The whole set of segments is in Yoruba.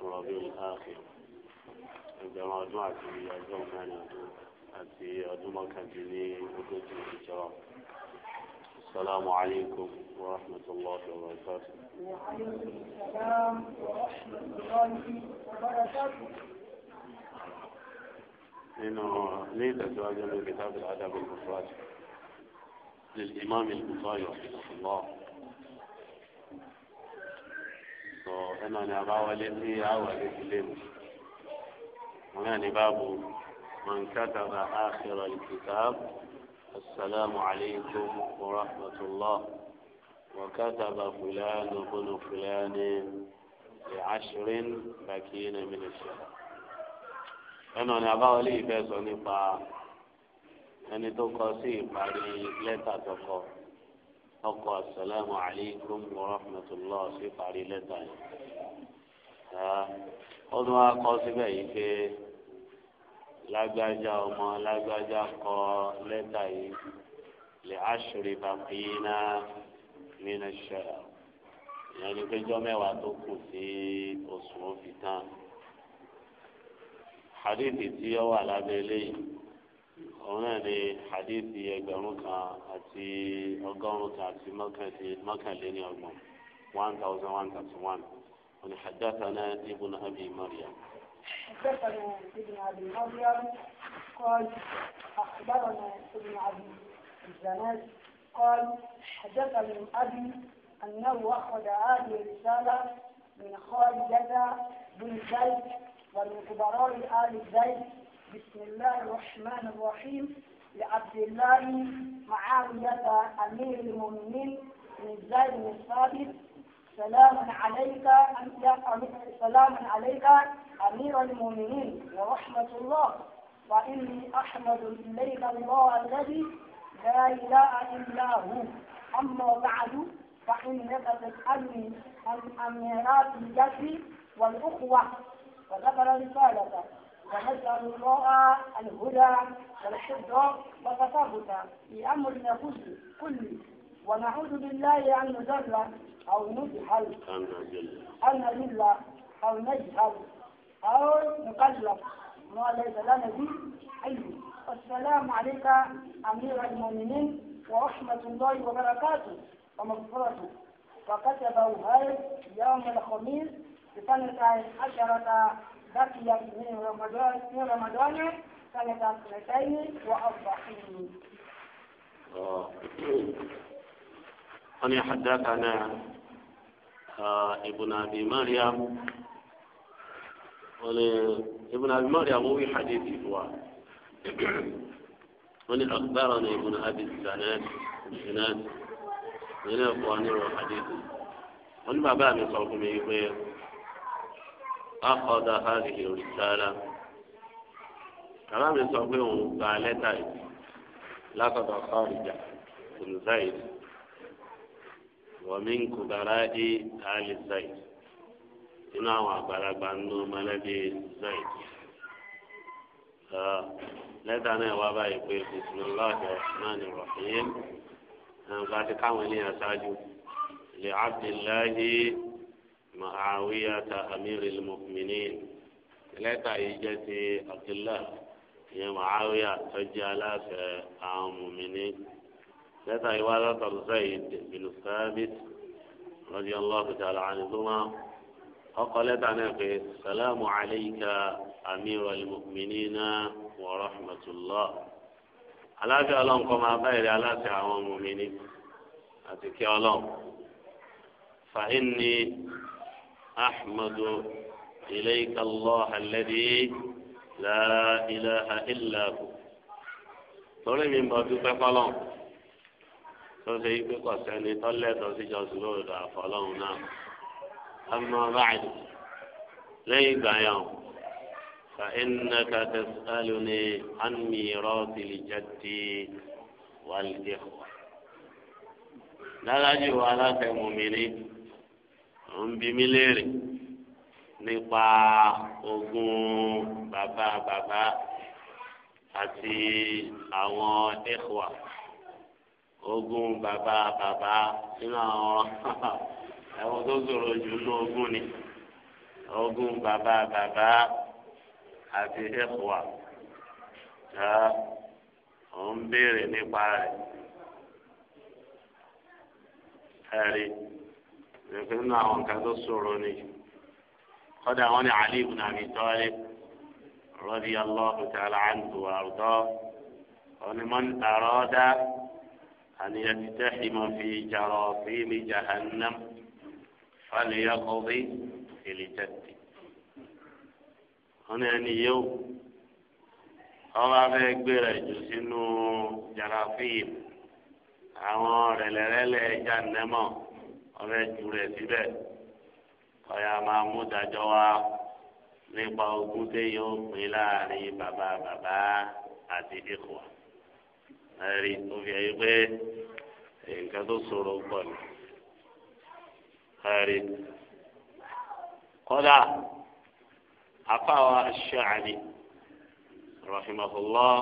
oṣù الآخر ààfin ẹgbẹ̀rún ọdún àti ọjọ́ mẹ́rin ọdún àti ọdún mọ́kàndínní ogójì السلام عليكم ورحمة الله وبركاته وعليكم السلام ورحمة الله وبركاته إنه ليس زواجا من كتاب الأدب المفرد للإمام البخاري رحمه الله sọ ẹnu ni àbáwọlé sí àwọlé sílé mu wọn náà ní báàbò mọ̀nkátàbà àkìrọ̀ ìkìtàb asalaamu alaykum wa rahmatulah wa kátàbà fúlàánù bùnú fúlàánì lè àṣírín bàkínà mínísírà ẹnu ni àbáwọlé ìfẹ́ sọ nípa ẹni tó kọ sí ìparí lẹ́tà tó kọ ọkọ̀ asalaamu alaykum wa rahmatulah sí parí lẹ́tà yìí. ó tún wá kọ́ síbẹ̀ yìí pé lágbájá ọmọ lágbájá kọ lẹ́tà yìí lè aṣèrè bàbíínà nínú ṣẹlẹ̀ ìyẹn ni pé jọ́ mẹ́wàá tó kù sí oṣù òfin hadithi tí ó wà lábẹ́ eléyìí. òun náà ni hadithi ẹgbẹ̀rún kan àti ọgọ́rùn kan àti mọ́kànléní ọgbọ̀n one thousand one thirty one òun ni haddathana ibn abi maryam. حدثنا ابن ابي مريم قال اخبرنا ابن ابي الزناد قال حدثني ابي انه اخذ هذه الرساله من خالده بن زيد ومن كبراء ال زيد بسم الله الرحمن الرحيم لعبد الله معاوية أمير المؤمنين من زيد بن ثابت سلام عليك سلام عليك أمير المؤمنين ورحمة الله وإني أحمد إليك الله الذي لا إله إلا هو أما بعد فإنك تسألني عن أميرات الجسد والأخوة وذكر رسالته ونسأل الله الهدى والحفظ والتثبت في أمرنا كله كله ونعوذ بالله أن نذل أو نجهل أن نذل أو نجهل أو نقلب ما ليس لنا به علم والسلام عليك أمير المؤمنين ورحمة الله وبركاته ومغفرته فكتبه هاي يوم الخميس بسنة عشرة بقي من رمضان من رمضان سنة سنتين وأربعين. أنا حدثنا ابن أبي مريم ابن أبي مريم هو حديث إخوان من أخبرني ابن أبي الزناد الزناد من أخواني وحديثي من ما بقى من صوتهم أخذ هذه الرسالة كلام يسمونه قالتا لقد خارج بن زيد ومن كبراء آل زيد إنه وبلغ أنه ملبي زيد لدينا وابا يقول بسم الله الرحمن الرحيم أنا قاعد كامل يا ساجو لعبد الله معاوية أمير المؤمنين لك إجتي عبد الله يا معاوية تجعل في المؤمنين لك إوالة زيد بن ثابت رضي الله تعالى عنهما فقالت عن السلام عليك أمير المؤمنين ورحمة الله على في ألم كما على في المؤمنين أتكي ألم فإني أحمد إليك الله الذي لا إله إلا هو torí mi ń bọ dúpẹ́ fọlọ́n tó ṣe ipe kọ̀ sẹ́ni tọ́lẹ̀ tó sì jọ sí lóòdà fọlọ́n náà أما بعد lẹ́yìn ìgbà yẹn فإنك تسألني عن ميراث الجد والإخوة dáadáa ju aláfẹ́ mùmí ni ń bi mí léèrè nípa ogún bàbá bàbá àti àwọn ẹ̀kọ́ ogún bàbá bàbá nínú àwọn ẹ̀wọ̀n tó ṣòro jù ní ogún ni ogún bàbá bàbá àti ẹ̀kọ́ ẹ̀ ń béèrè nípa rẹ̀ ẹ̀rí ìrẹ̀fẹ́ nínú àwọn nǹkan tó ṣòro ni kọ́dà wọn ni Ali ibn Abi Talib radiyallahu ta'ala anhu wa arda wọn ni man arada an yaftahima fi jarasim jahannam falyaqdi ìlìtẹ́tì. wọn ni ẹni yóò ọba fẹ́ gbé rẹ̀ jù sínú jarasim àwọn rẹ̀lẹ̀rẹ̀lẹ̀ jahannamọ̀ ọ̀rẹ́ jù rẹ̀ síbẹ̀ ọ̀yà máa mú dájọ́ wá nípa ogún téèyàn ó pín láàrin bàbá bàbá àti ìkùwà ẹ̀rí tó fi ẹ̀yí pé nǹkan tó ṣòro pọ̀ ni ẹ̀rí kódà afáwa ṣáàní rahimahullah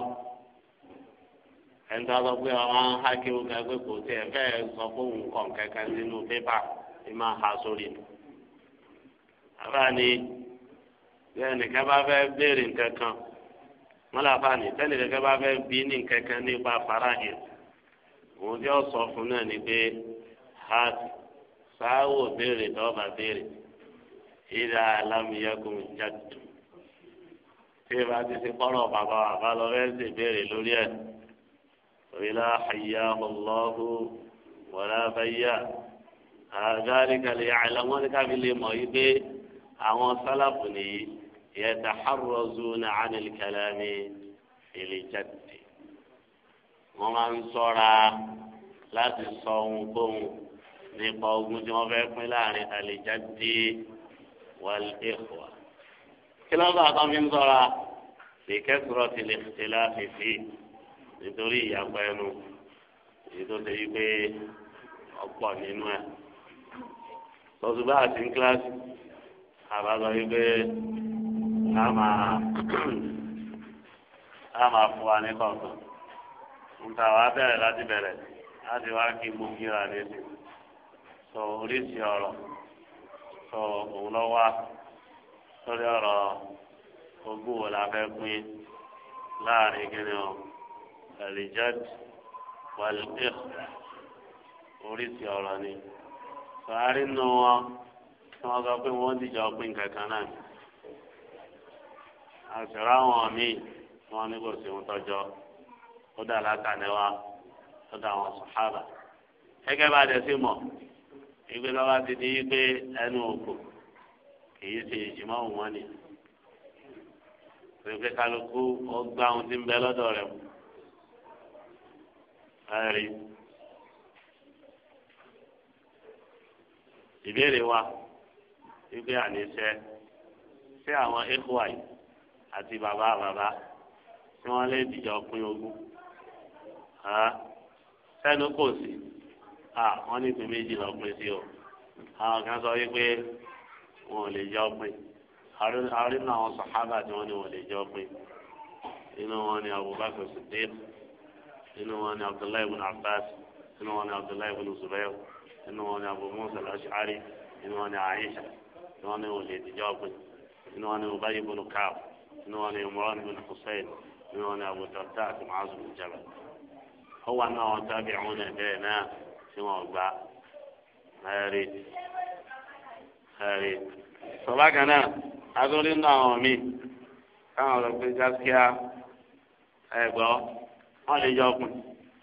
ẹni sọ pé ọ̀hún hákìwù kan pé kò tiẹ̀ fẹ́ẹ́ sọ fóun kàn kankan sínú pépà ẹ máa ha sórí mi. àbáni bẹ́ẹ̀ nìkan bá béèrè nǹkan kan wọ́n làbá ní tẹ́lẹ̀ nìkan bá bí ní nǹkan kan nípa faraje òun tí ó sọ fún náà ni pé ha sáwò béèrè tó béèrè ìdá alámiyẹ́kùn jáde tí ìbá ti ṣe kọ́rọ̀ bàbá bàbá lọ fẹ́ ṣèbéèrè lórí ẹ̀. ولا حياه الله ولا بيا ذلك ليعلمون كافي لمؤيد أو سلفني يتحرزون عن الكلام في الجد ومن صرا لا تصومكم nípa ogun tí wọn fẹ́ pín láàrin من wàl ikhwa الاختلاف فيه. nítorí ìyàpá ẹnu èyí tó ṣe wípé ọ̀pọ̀ nínú ẹ̀ lọ́sùn àti kíláàsì àbájọ wípé a máa a máa fún wa ní kọ̀ọ̀kan nǹkan àwọn abẹ́rẹ́ láti bẹ̀rẹ̀ láti wá kí sọ oríṣi ọ̀rọ̀ sọ òun wa lórí ọ̀rọ̀ ogún wo la fẹ́ pín láàrin o. àlìjáde wàlùkẹ́ oríṣi ọ̀rọ̀ ni sàárì nù wọn tí wọ́n sọ pé wọ́n dìjà ọpin kankan náà àṣírà wọn míì tí wọ́n ní kò sí ohun tọ́jọ́ ó dà látàlẹ́wà ó dà wọn sàhábà gẹ́gẹ́ bá a dẹ̀ sí mọ̀ ìgbé ẹ̀rí. ìbéèrè wa wípé àníṣe ṣé àwọn ekuwa àti bàbá bàbá tí wọ́n lè dìjọ pín ogún sẹ́nu kò sí wọ́n ní ìpín méjì lọ pín sí o àwọn kan sọ wípé wọn ò lè jọ pín àrínà àwọn sàhábà tí wọ́n ní wọn ò lè jọ pín inú wọn ni Abubakar Siddiq inú wọn ni abdullahi ibn abbas inú wọn ni abdullahi ibn zubair inú wọn ni abu musa al-ash'ari inú wọn ni aisha inú wọn ni olè ìdíjọ́ pé inú wọn ni ubayi ibn kaab inú wọn ni imran ibn hussein inú wọn ni abu darda àti muaz ibn jabal ó wà náà wọn tábìlì àwọn ẹgbẹ́ náà tí wọ́n gbà ẹ̀rí ẹ̀rí sọlá kan náà adúlé náà wọn mi káwọn lọ pé gaskiya ẹ gbọ́ wọ́n lè jọ pin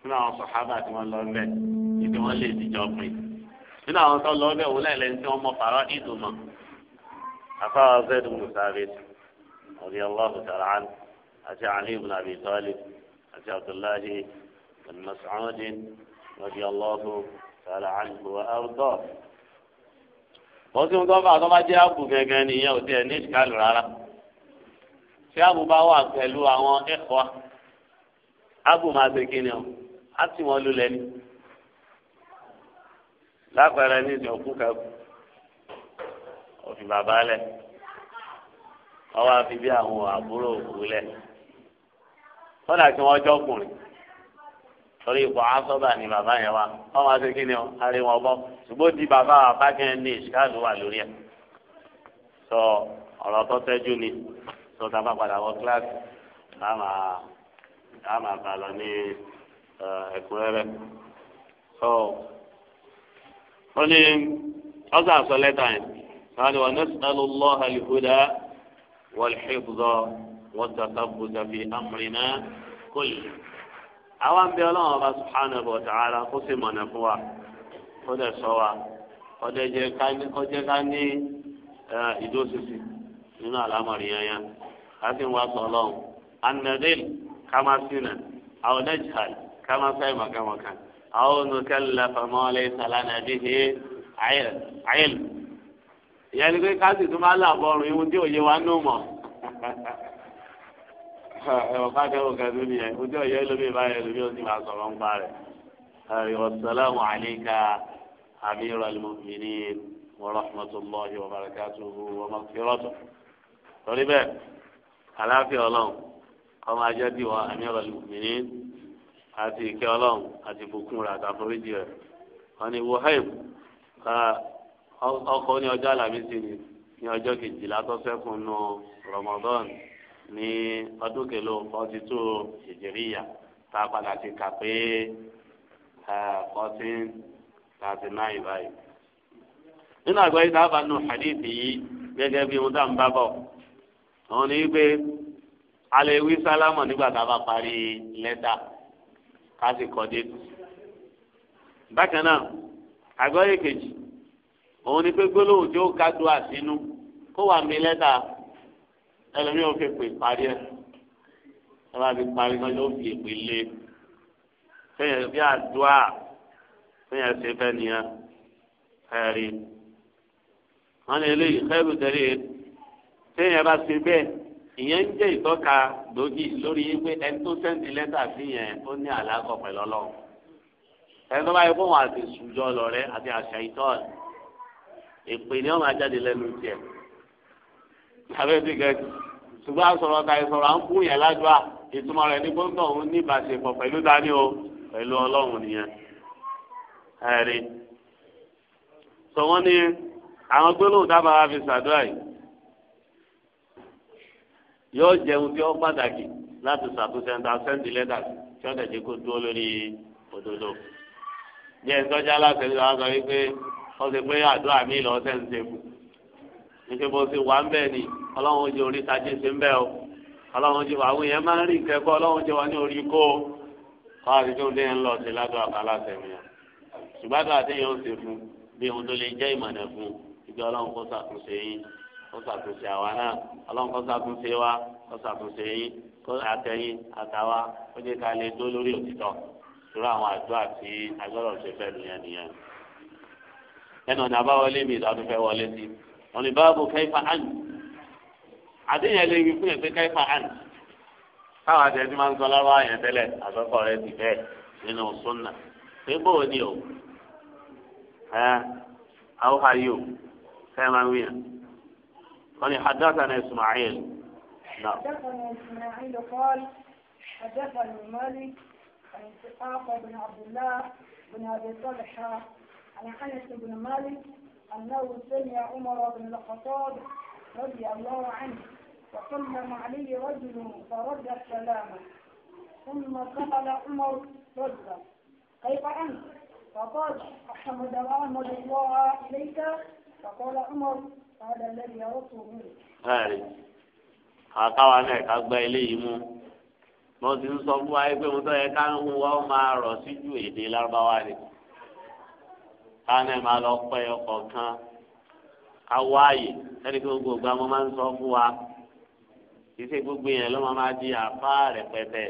nínú àwọn sọ̀hábà tí wọ́n lọ bẹ́ẹ̀ ìdí wọ́n lè dìjọ pin nínú àwọn tó lọ bẹ́ẹ̀ wọ́n lẹ́lẹ́ tí wọ́n mọ fàrọ́ ìdùnmọ̀ afáwọ̀ zẹ́dùn musabit ọ̀rẹ́ ọlọ́run tàrán àti ali ibn abi talib àti abdullahi bin mas'udin rọ̀bì ọlọ́run tàrán àlùkò àrùtọ́. wọ́n sì ń tọ́ fà tó bá jẹ́ àbù gẹ́gẹ́ nìyẹn ò tiẹ̀ ní ìkàlù rárá. ṣé àbù bá wà pẹ̀lú àwọn ẹ̀kọ́ Abu máa ṣe kíni o á tì wọ́n lulẹ̀ ni lápẹẹrẹ ní ìsìn òkú kan òfin bàbá lẹ wọ́n wá fi bí àwọn àbúrò òkú lẹ kọ́dà kí wọ́n jọ́kùnrin torí ipò asọ́bà ni bàbá yẹn wá wọ́n máa ṣe kíni o àrí wọn bọ́ ṣùgbọ́n di bàbá àbákẹ́yìn ní ìṣíkàlù wà lórí ẹ̀ sọ ọ̀rọ̀ tó tẹ́jú ni sọ tá a bá padà wọ kíláàsì láàmà a máa bá lọ ní eh, ẹ̀kúnrẹ́rẹ́ sọ ó ní ọsàn àṣọ lẹ́tà yẹn sani wa nasalu allah alhuda walxifdọ watasabuta fi amrina kul àwọn ń bẹ ọlọ́run ọba subhanahu wa ta'ala kó sì mọ̀nà fún wa kó dẹ̀ sọ wa kó dẹ̀ jẹ́ ká ní eh, ìdóṣinṣin nínú àlámọ̀rí yẹn yẹn ká sì ń wá sọ ọlọ́run anadil kama sinna àwọn najhal kama fẹ́ mọ̀kànmọ̀kàn àwọn nukẹ́lẹ̀ fọmọ́lẹ́ sàlánà bíi ayél ìyẹn ni pé káàsì tó máa là bọ́ọ̀rùn ihun tí òye wa nù mọ̀ ẹ̀wọ̀n káàkẹ́wò kẹ́tù nìyẹn ojú ọ̀yẹ́ lómi ìbáyẹ lómi ó sì máa sọ̀rọ̀ ń parẹ̀ assalamu alayka amiral mu'minin wa rahmatullahi wa barakatuhu wa maghfiratuh torí bẹ́ẹ̀ àlàáfíà ọmọ ajá bí wa amíràn lùmíní àti ìkẹ́ ọlọ́run àti ìbùkún rẹ̀ àtàforíjì rẹ̀ wọn ni wọ́hẹ́m ọkọ̀ ní ọjọ́ àlàmísì ni ní ọjọ́ kejìlá tó ṣẹ́kùn nù Ramadan ní ọdún kẹlò forty two ìjìríyà tá a padà ti kà pé fourteen thirty nine báyìí. nínú àgbáyé tá a bá nù hadith yìí gẹ́gẹ́ bí ohun tá ń bá bọ̀ òun ni wípé alẹ́ wí sálámọ̀ nígbà tá a bá parí lẹ́tà ká sì kọ́ dé. bákan náà àgọ́yé kejì òun ni pé gbólóhùn tí ó ká do àsínú kó wà mí lẹ́tà ẹlòmíì ò fi pè parí ẹ̀ ẹ bá parí náà yóò fi èpè lé fẹ́yìn bí àdúrà fẹ́yìn ṣe fẹ́ nìyẹn ẹ̀rí wọn lè léyìí xẹ́rù tẹ̀lé fẹ́yìn bá ṣe bẹ́ẹ̀ ìyẹn ń jẹ́ ìtọ́ka gbòógì lórí pé ẹni tó sẹ́ńdì lẹ́tà sí yẹn ó ní àlákọ̀ pẹ̀lú ọlọ́run ẹni tó bá yẹ fóun àti ìṣùjọ lọ rẹ àti àṣà ìtọ́ọ̀lù èpè ni wọ́n máa jáde lẹ́nu tiẹ̀ abẹ́síkẹ́ ṣùgbọ́n àsọ̀rọ̀ ta ìsọ̀rọ̀ à ń kún yẹn ládùá ìtumọ̀ rẹ̀ ní gbọ́dọ̀ òun ní ìbáṣepọ̀ pẹ̀lú dání o pẹ̀lú ọlọ́run nìyẹn ẹ̀rí sọ wọ́n ní àwọn gbólóhùn dábàá fi ṣàdúrà yìí yóò jẹun tí ó pàtàkì láti ṣàtúnṣe ń ta sẹ́ǹtì lẹ́tà tí ó tẹ̀sí kó dúró lórí òdodo. bí ẹni tọ́jú aláṣẹ ló wá sọ wípé ó ti pé àdúrà mi lọ sẹ́ǹtì fún un níṣẹ́ bó ti wà ń bẹ̀ ni ọlọ́run ó jẹ orí tajé ṣe ń bẹ̀ o ọlọ́run jẹ àwọn èèyàn máa ń rí ìkẹ́kọ̀ọ́ ọlọ́run jẹ wà ní orí kó o kọ́ àti tó dé ń lọ sí ládùn àbáláṣẹ mi ṣùgbọ́n àti wọ́n ṣàtúnṣe àwa náà ọlọ́run kó ṣàtúnṣe wa kó ṣàtúnṣe yín kó àtẹ̀yìn àtàwa ó jẹ́ ká lè dó lórí òtítọ́ torí àwọn àdúrà tí agbọ́dọ̀ ṣe fẹ́ nìyẹn nìyẹn. ẹnu ọ̀nà àbáwọlé mi ìdádún fẹ́ wọlé sí wọn ni báàbò kẹfà àn àdéhùn ẹlẹ́ wí fún ẹgbẹ́ kẹfà àn káwọn àti ẹni máa ń sọ lọ́wọ́ àyàn tẹ́lẹ̀ àkọ́kọ́ rẹ ti bẹ́ẹ̀ nínú súnà pé bóò ni o ẹ àwọn ayò fẹ́ máa ń wíyàn. قال حدثنا إسماعيل نعم. حدثنا إسماعيل قال حدثنا مالك عن إسحاق بن عبد الله بن أبي طلحة عن أنس بن مالك أنه سمع عمر بن الخطاب رضي الله عنه فسلم عليه رجل فرد السلام ثم قال عمر رجلا كيف أنت؟ فقال أحمد الله إليك فقال عمر ẹ̀rí àkáwa náà ká gba eléyìí mú mo ti ń sọ fún wa pé mo tọ́ yẹ ká ń hun wa ó máa rọ̀ sí ju èdè lárúbáwá ni ká náà máa lọ pẹ́ ọkọ̀ kan ká wáàyè ẹni pé gbogbo ìgbà mo máa ń sọ fún wa kì í ṣe gbogbo yẹn ló máa máa di àpá rẹpẹtẹ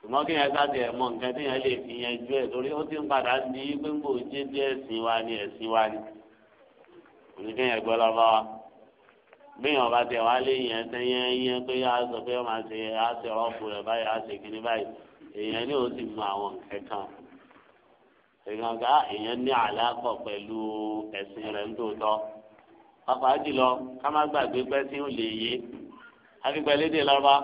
ṣùgbọ́n kí yẹn sáde ẹ̀ mọ nǹkan tí yẹn lè fi yẹn ju ẹ̀ torí ó ti ń padà di pé ń bò jẹ́ ẹ̀sìn wa ni ẹ̀sìn wa ni oníkẹ́ yẹn gbọ́ lọ́ba wa gbẹ̀yìn ọba tẹ̀ wá lé yẹn tẹ́ yẹn yẹn pé a sọ pé ọmọ àti a ti rọ́ọ̀pù rẹ̀ báyìí a ti kíní báyìí èèyàn ní o sì mọ àwọn ẹ̀kan èèyàn ká èèyàn ní àlákọ̀ pẹ̀lú ẹ̀sìn rẹ̀ ń tòótọ́ pàápàá jùlọ ká má gbàgbé pẹ́ tí ó lè yé akíkpẹ́ lédè lọ́ba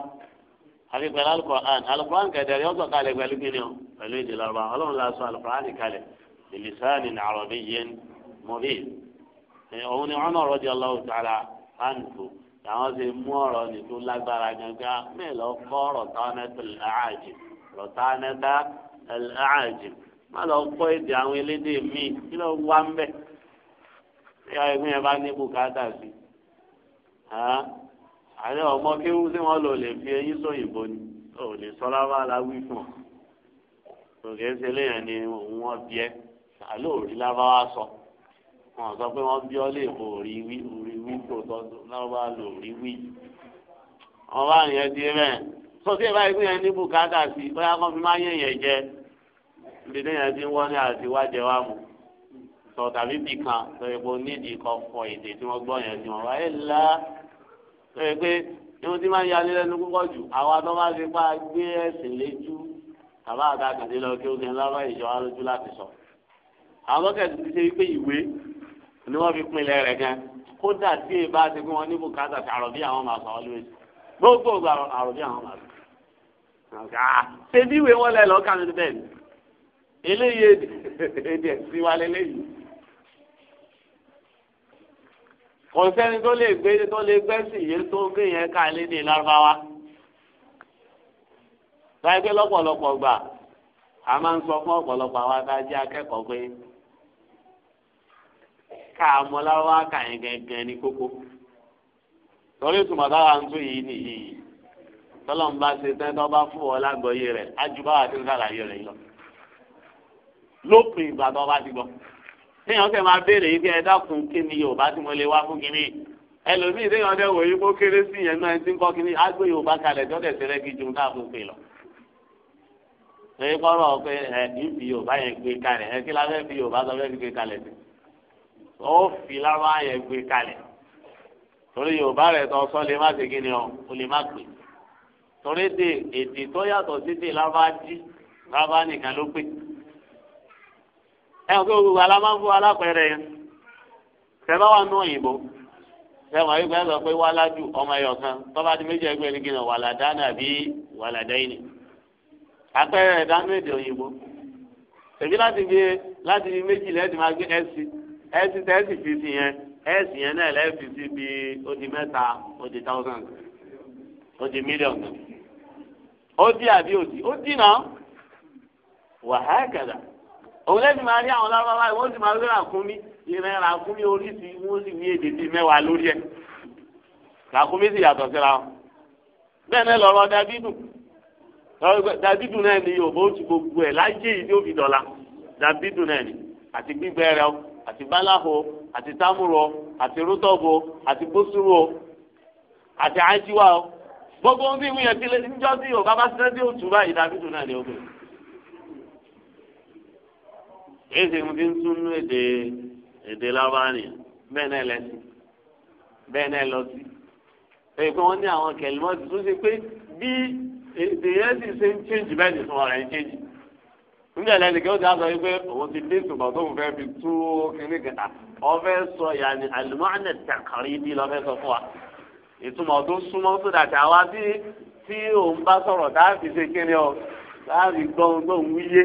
akíkpẹ́ alukoran alukoran kẹ̀dẹ̀rẹ́ ọ̀sọ̀ kalẹ̀ pẹ̀lú kíni o pẹ̀lú èdè lọ́ba ọlọ́run la sọ alukoran kalẹ̀ ìlísàn ní àrọ̀bí yẹn mọ̀bí òun ni ọmọ ọ̀rọ̀ di ọlọ́wọ́ tara àǹtò làwọn ti mú ọ̀rọ̀ ní tó lágbára gangan mélòó kọ́ rọ̀tánẹ́tà làájì rọ̀tánẹ́tà làájì má lọ kọ́ èdè àwọn elédè míì kí ló wá ń bẹ̀ ṣé ẹgbẹ́ yẹn bá ní bùkátà sí àní ọmọ kéwú tí wọ́n lò lè fi eyín sóyìnbó ni ò lè sọ́lá bá la fún ọ òkè ṣe léyìn ni òun wọ́n bí ẹ àlóòrí lábáwá sọ. So wọn sọ pé wọn bí ọ lè bo orí wí orí wí tó tọ náà bá lò orí wí wọn bá yẹn di bẹ́ẹ̀ sọtí ìbá ìpín yẹn ní bùkátà sí bóyá kan fi máa yẹn yẹn jẹ ibi téèyàn ti ń wọ́n ní àti wájẹ wá mu sọ tàbí bì kan sọ èpo nídìí kan fọ èdè tí wọ́n gbọ́ yẹn sí wọn wáyé ńlá sọ yẹ pé irun tí máa ń yalé lẹ́nu púpọ̀ jù àwa tó bá fi pa gbé ẹ̀sìn léjú bàbá àtàkùn ti lọ kí ó kẹ́ ńlá bá ìjọ alójú láti sọ àwọn kẹ́sì ti ṣe wípé ìwé ni wọ́n fi pinlẹ̀ rẹ̀ gan kódà tí èyí bá ti gún wọn ní bùkátà tí àròbí àwọn máa sọ always gbogbo ògbà àròbí àwọn máa sọ. ṣé bí ìwé wọn lẹ lọ kà ní bẹ́ẹ̀ ni eléyìí èdè ẹ̀sìn wa lélẹ́yìí. kò sẹ́ni tó lè gbé tó lè gbẹ́sì yé tó gbé yẹn ká lédè lárúbáwá. báyìí pé lọ́pọ̀lọpọ̀ gbà a máa ń sọ fún ọ̀pọ̀lọpọ̀ àwọn adájẹ́ akẹ́kọ̀ọ́ pé ẹ̀ka ọmọláwá kà yẹn gẹ́gẹ́ ní kókó torí ìtumọ̀ táwa ń tún yìí nìyí tọ́lọ́ ń bá ṣe tẹ́ tọ́ bá fún ọ lágbọ́yé rẹ̀ ajúbá wa ti ń sàlàyé rẹ̀ yìí lọ lópin ìgbà tó bá ti gbọ́ téèyàn kẹ́ máa béèrè yìí kí ẹ dákun kí ni Yorùbá tí mo lè wá fún kínní ẹlòmíì téèyàn dẹ̀ wò yí kó kéré sí yẹn náà ti ń kọ́ kínní á gbé Yorùbá kalẹ̀ tó tẹ̀sí rẹ́ kí ju náà fún pè lọ. èyí kọ́rọ̀ pé ẹ kì fi Yorùbá yẹn gbé kalẹ̀ ẹ kí la fi Yorùbá sọ fẹ́ fi gbé kalẹ̀ sí ó fi lábá yẹn gbé kalẹ̀ torí yorùbá rẹ̀ tó sọ lè má ṣe kí ni ọ o lè má gbé torí de èdè tó yàtọ̀ sí de lábá dí lábá nìkan ló pé ẹ ò kí gbogbo alámáfó alápẹ̀rẹ̀ yẹn tẹ́lá wà nù òyìnbó ẹ wà yóò gbẹ́sọ̀ pé wà ládù ọmọ ẹ̀yọ̀ kan tọ́ba di méjì ẹgbẹ́ ní kí ni wà ládá nàbí wà ládá yìí ni apẹ̀rẹ̀ dánú èdè òyìnbó èmi láti fi láti fi méjì lẹ́ẹ̀dì máa gbé ẹ̀ sí ẹsì tẹ́sì fi si yẹn ẹsì yẹn náà lẹ́ẹ̀fi sí bí ó di mẹ́ta ó di thousand ó di million ó di àbí ó di ó di náà wàhálà kẹ̀dà òun lẹ́sìn máa rí àwọn lárúbáwá wọ́n sì máa rí ràkúnmí ìrìn ràkúnmí oríṣi wọ́n sì ní èdè bíi mẹ́wàá lórí ẹ̀ ràkúnmí sì yàtọ̀ síra wọn bẹ́ẹ̀ náà lọ́rọ̀ dábídù dábídù náà ni yòòbó ti gbogbo ẹ̀ láyé yìí tó fi dọ̀la dábídù náà ni àti gbígbẹ́ rẹ̀ ọ́ àti balaho àti tamuro àti rútọ́bù àti bósúrò àti ájíwá o gbogbo ohun tí ìwé yẹn ti lé níjọ́ tí yorùbá bá ṣe tí òtún báyìí dábìtù náà lè ogun. èyí ti ń fi ń tún èdè èdè lábáàní bẹ́ẹ̀ náà lẹ́sìn bẹ́ẹ̀ náà lọ sí. èyí pé wọ́n ní àwọn kẹ̀lẹ́mọ́tì tó ṣe pé bí èdè yẹn sì ṣe ń change bẹ́ẹ̀ ni fún ọ̀rẹ́ ń change nígbà lẹ́nu kí ó ti sọ wípé òun ti dé ìtumọ̀ tó ń fẹ́ fi tú kínní kẹta ọfẹ́ sọ yàní àlùmọ́ọ́nì tàkàrí bí lọ́fẹ́ sọ fún wa ìtumọ̀ tó súnmọ́ tó dàtí àwa tí tí òun bá sọ̀rọ̀ tá a fi ṣe kínní ọ tá a fi gbọ́ ohun ń wíyé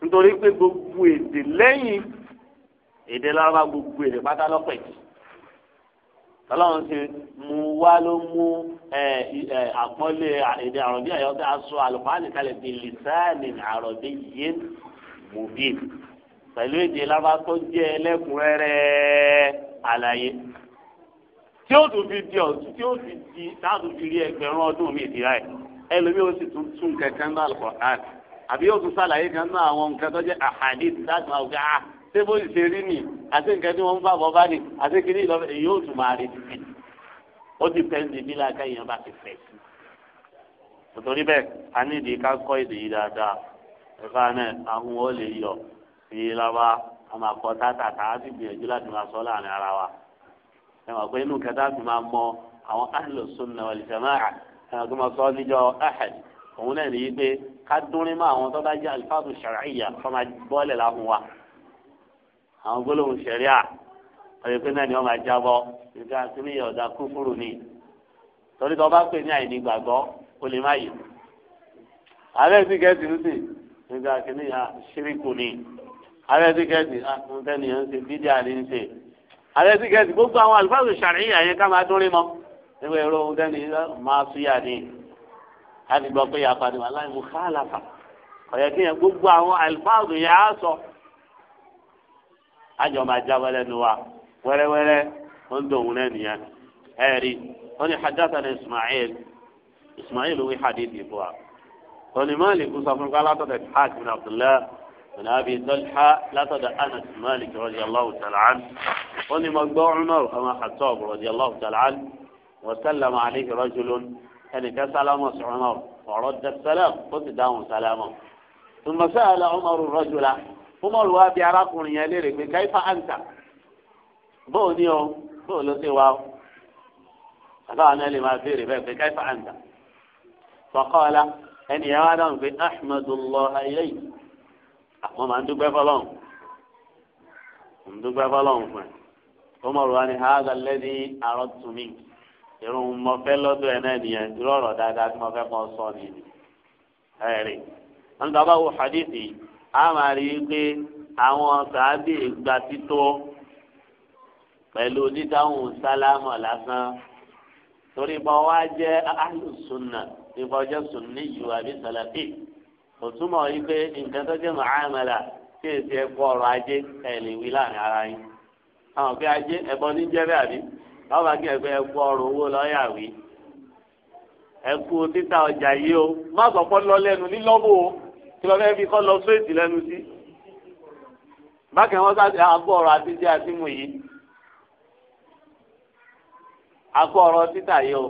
nítorí pé gbogbo èdè lẹ́yìn èdè lọ́wọ́ gbogbo èdè pátá lọ́pẹ̀jì tọ́lọ́run ti mú wá ló mú àpọ́nlé èdè àròbí àyọ̀kẹ́ aṣọ àlùfáàní kalẹ̀ bíi lìsáàní àròbí yé mùbí pẹ̀lú èdè lábá tó jẹ́ ẹlẹ́kùnrẹ́rẹ́ àlàyé tí ó tún fi di ọ̀tún tí ó fi di táàtún fi rí ẹgbẹ̀rún ọdún mi ìdíra ẹ̀ ẹlòmí ó sì tún tún kẹ̀kẹ́ náà lọ́kọ̀ọ́ àbí ó tún sàlàyé kan náà àwọn nǹkan tó jẹ́ àhàdí láti máa ṣé bó ṣe rí nì àti nǹkan tí wọ́n ń fàbọ̀ bá ní àti kiri ìlọ́fẹ́ èyí ò tún máa rí títí ó ti pẹ́ ní bí láàká èèyàn bá ti fẹ́ sí. nítorí bẹ́ẹ̀ a ní ìdí ká kọ́ èdè yìí dáadáa ẹ̀fọ́ náà àwọn ò lè yọ sí i lábá a máa kọ́ tátàtà á sì gbìyànjú láti máa sọ láàrin ara wa. ẹ mọ̀ pé inú kẹta fi máa mọ àwọn ahlus sunnah wal jamaa'ah ẹ̀rọ sọ níjọ́ ahad àwọn gbólóhùn ṣẹ̀ríà ọ̀yẹ́ pé náà ni wọ́n máa jábọ́ nígbà tí ní ọ̀dà kúfúrú ni torí tó bá pè ní àìní gbàgbọ́ ó lè má yìí ààrẹ ti kẹ́ẹ̀tì ní sìn nígbà tí ní ìyá ṣíríkù ni ààrẹ ti kẹ́ẹ̀tì àwọn tẹ́niyàn ń ṣe bídíà ní ṣe ààrẹ ti kẹ́ẹ̀tì gbogbo àwọn àlùfáàsù ṣàríyà yẹn ká máa dúnrín mọ́ nígbà èrò ohun tẹ́niyàn máa súyà ní láti gbọ́ pé yàtọ̀ àdìmọ̀ àjọ máa jábọ́ lẹ́nu wa wẹ́rẹ́wẹ́rẹ́ ó ń dòun náà nìyẹn ẹ̀rí wọ́n ní hadathana ismail ismail wí hadithi fún wa wọ́n ní malik sọ fún wa látọ̀dọ̀ ishaq bin abdullah bin abi talha látọ̀dọ̀ anas malik radiyallahu ta'ala an wọ́n ní mọ̀gbọ́ umar ọmọ khatab radiyallahu ta'ala an wa sallama alayhi rajulun ẹnì kẹ́ sálámọ̀ sí umar ọ̀rọ̀ dẹ̀ ó ti dáhùn sálámọ̀ ثم سأل عمر الرجل fúnmọ́rù wa bí arákùnrin yẹn léèrè pé káyífà àǹtà bóò ní o bóò ló ṣe wá o àtàwọn náà lè máa béèrè bẹ́ẹ̀ pé káyífà àǹtà fọkọ́ọ́lá ẹnì yẹn wá dáhùn pé ahmadullah ayéyí àwọn máa ń dúpẹ́ fọlọ́hùn ń dúpẹ́ fọlọ́hùn fún ẹ fọmọrù wa ni hàgà lẹ́ni àrọ́tùmí irun mọ̀fẹ́ lọ́dọ̀ ẹ̀ náà nìyẹn irú ọ̀rọ̀ dáadáa tí mo fẹ́ kọ́ sọ a máa rí i pé àwọn sàábì gba títọ́ pẹ̀lú dídáhùn sálámù lásán torí bọ́ wá jẹ́ ahlùsùnà ìbọn jẹ́ sùnní yìí àbí sàlàfì òtúmọ̀ yìí pé nǹkan tó jẹ́ màámàlà kí èsì ẹ̀kọ́ ọ̀rọ̀ ajé ẹ̀lẹ́wì láàrin ara yín àwọn òkè ajé ẹ̀bọ ní jẹ́rẹ́ àbí báwa kí ẹ̀kọ́ ẹ̀kọ́ ọ̀rọ̀ owó lọ́yàwí ẹ̀kú títà ọjà yìí o má sọ lọ lẹ́nu lílọ́bù o kí lọ fẹ́ fi kọ́ lọ sóòtì lẹ́nu sí bákan wọn sáà ti àgọ́ ọ̀rọ̀ àtijọ́ àti mú yìí àgọ́ ọ̀rọ̀ títà yìí o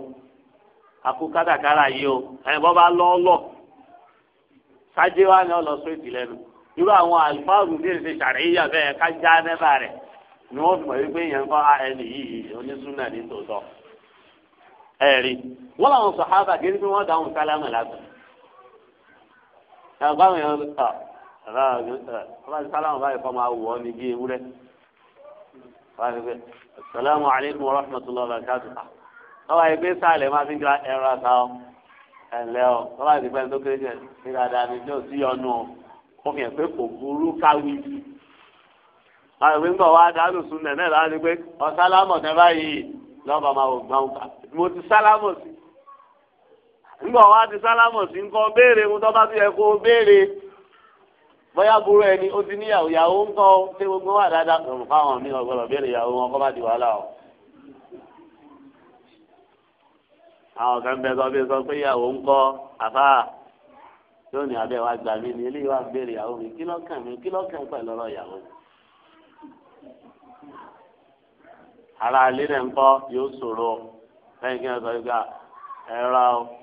àkó kátàkárà yìí o ẹ̀bọ́n bá lọ́ lọ sáájú wa ni ọ lọ sóòtì lẹ́nu irú àwọn àlùfáàrù ní èsì sàríyà bẹ́ẹ̀ ká já nẹ́bà rẹ̀ ni wọ́n fi mọ̀ wípé yẹn ń kọ́ ẹni yìí onísúnà ní tòótọ́ ẹ̀rí wọ́n làwọn sàhábà kí ni wọ́n dáhùn sálámù lásán ẹ báwọn yẹn ọ ọlọ́run sálámù báyìí kọ́ máa wọ̀ ọ́ ní bí ewúrẹ́ salamu aleykum wa rahmatullahi wa barakatuh ah, ọba yìí pé sáàlẹ̀ máa fi gba ẹ̀rọ àtà ọ ẹ̀lẹ́ ọ ọba yìí pé tó kéré jẹ ní dáadáa ní tó sí ọnu ọ kó fi hàn pé kò burú káwí àwọn ìwé ń bọ̀ wá dáàlù sùn náà láti pé ọ sálámù ọ̀tẹ́ báyìí lọ́ba nígbà wá ti sálámọ̀ sí nǹkan béèrè mo tọ́ bá ti yẹ kó béèrè bóyá burú ẹni ó ti níyàwó yàwó ń kọ́ ṣé gbogbo wà dáadáa kò fáwọn mi ọ̀gbọ́dọ̀ béèrè yàwó wọn kọ́ bá di wàhálà o. àwọn kan bẹ sọ pé sọ pé yàwó ń kọ́ àfà yóò ní abẹ́ wa gbà mí ni eléyìí wà béèrè yàwó mi kí lọ́kàn mi kí lọ́kàn pẹ̀lú ọ̀rọ̀ yàwó mi. ara ilé rẹ̀ ń kọ́ yóò ṣòro lẹ́yìn kí wọ́n sọ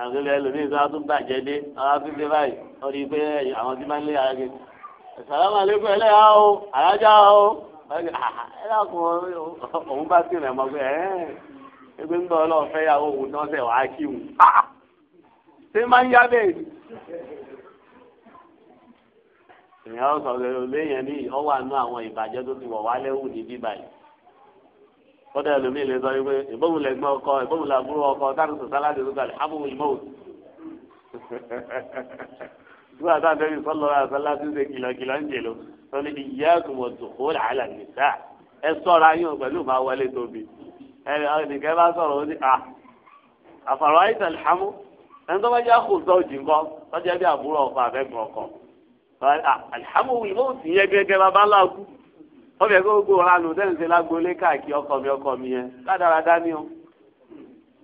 àgbélé ẹlòmíín tó a tún bàjẹ́ dé ara tún dé báyìí wọ́n di pé àwọn tí máa ń lé ara gé sàlámà lẹ́kọ̀ọ́ ẹlẹ́yà o àyájá o ẹlẹ́kùn òun bá tìrẹ̀ mọ́ pé ẹ́ẹ́ ẹgbẹ́ ń bọ̀ ọlọ́run fẹ́ yàwó òun náà sẹ̀ wá kí òun ṣé máa ń yá bẹ́ẹ̀ ni. èèyàn sọ̀rọ̀ lóyún ní ọwọ́ àánú àwọn ìbàjẹ́ tó ti wọ̀ wálé wù ní bíbáyìí kọ́dà ẹlòmíì lè sọ wípé ìbọ̀wò lẹ́gbọ́n ọkọ ìbọ̀wò làbúrò ọkọ táwọn sọ sáládì ló gbàlẹ̀ ábùwò ìmọ̀wò. nígbà tá a fẹ́ fi sọ́lọ́ ra sọ́lá tí ń ṣe kìlọ̀kìlọ̀ ń jèlò tó ní ìyá àtúmọ̀ tòkó làálà nìta ẹ sọ́ra yín pẹ̀lú máa wọlé tóbi ẹnìkẹ́ bá sọ̀rọ̀ ó ní à àfàrọ̀ àìsàn làmú ẹni tó bá wọ́n fẹ́ kó gbogbo ranù dẹ́nse lágbolé káàkiri ọkọ mi ọkọ mi yẹn ládàra dání o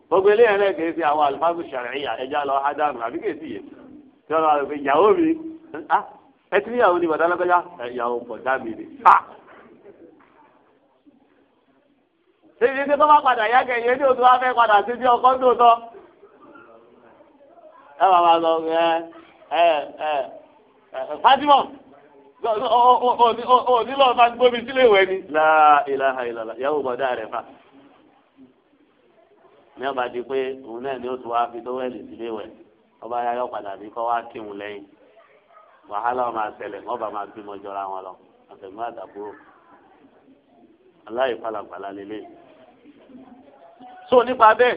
gbogbo eléyàn náà kìí àwọn alifásù sàrẹ́yà ẹja lọ ádámù àbí kìí yẹ tí wọ́n lọ pé ìyàwó mi ah, ẹ ti níyàwó ni bàtà lọ́kọ́já ìyàwó ni eh, tí padà yá kẹyìn ní padà sí bí ọkọ tó tọ́. ẹ bàbá sọ ẹ ẹ ẹ onílọ máa ń gbómi sílé ìwé ni. la ilaha illallah yàwó bọ̀dá rẹ̀ fà. ní ọba di pé òun náà ni ó tún wá fi tó wẹ̀lì sílé ìwé ọba ayọ padà ní kọ́ wá kíhun lẹ́yìn wàhálà ọmọ àṣẹlẹ̀ ọba máa bímọ jọra wọn lọ àtẹ̀gbọ́n àtàbúrò aláìpalàpàlà lélẹ̀. so nípa bẹ́ẹ̀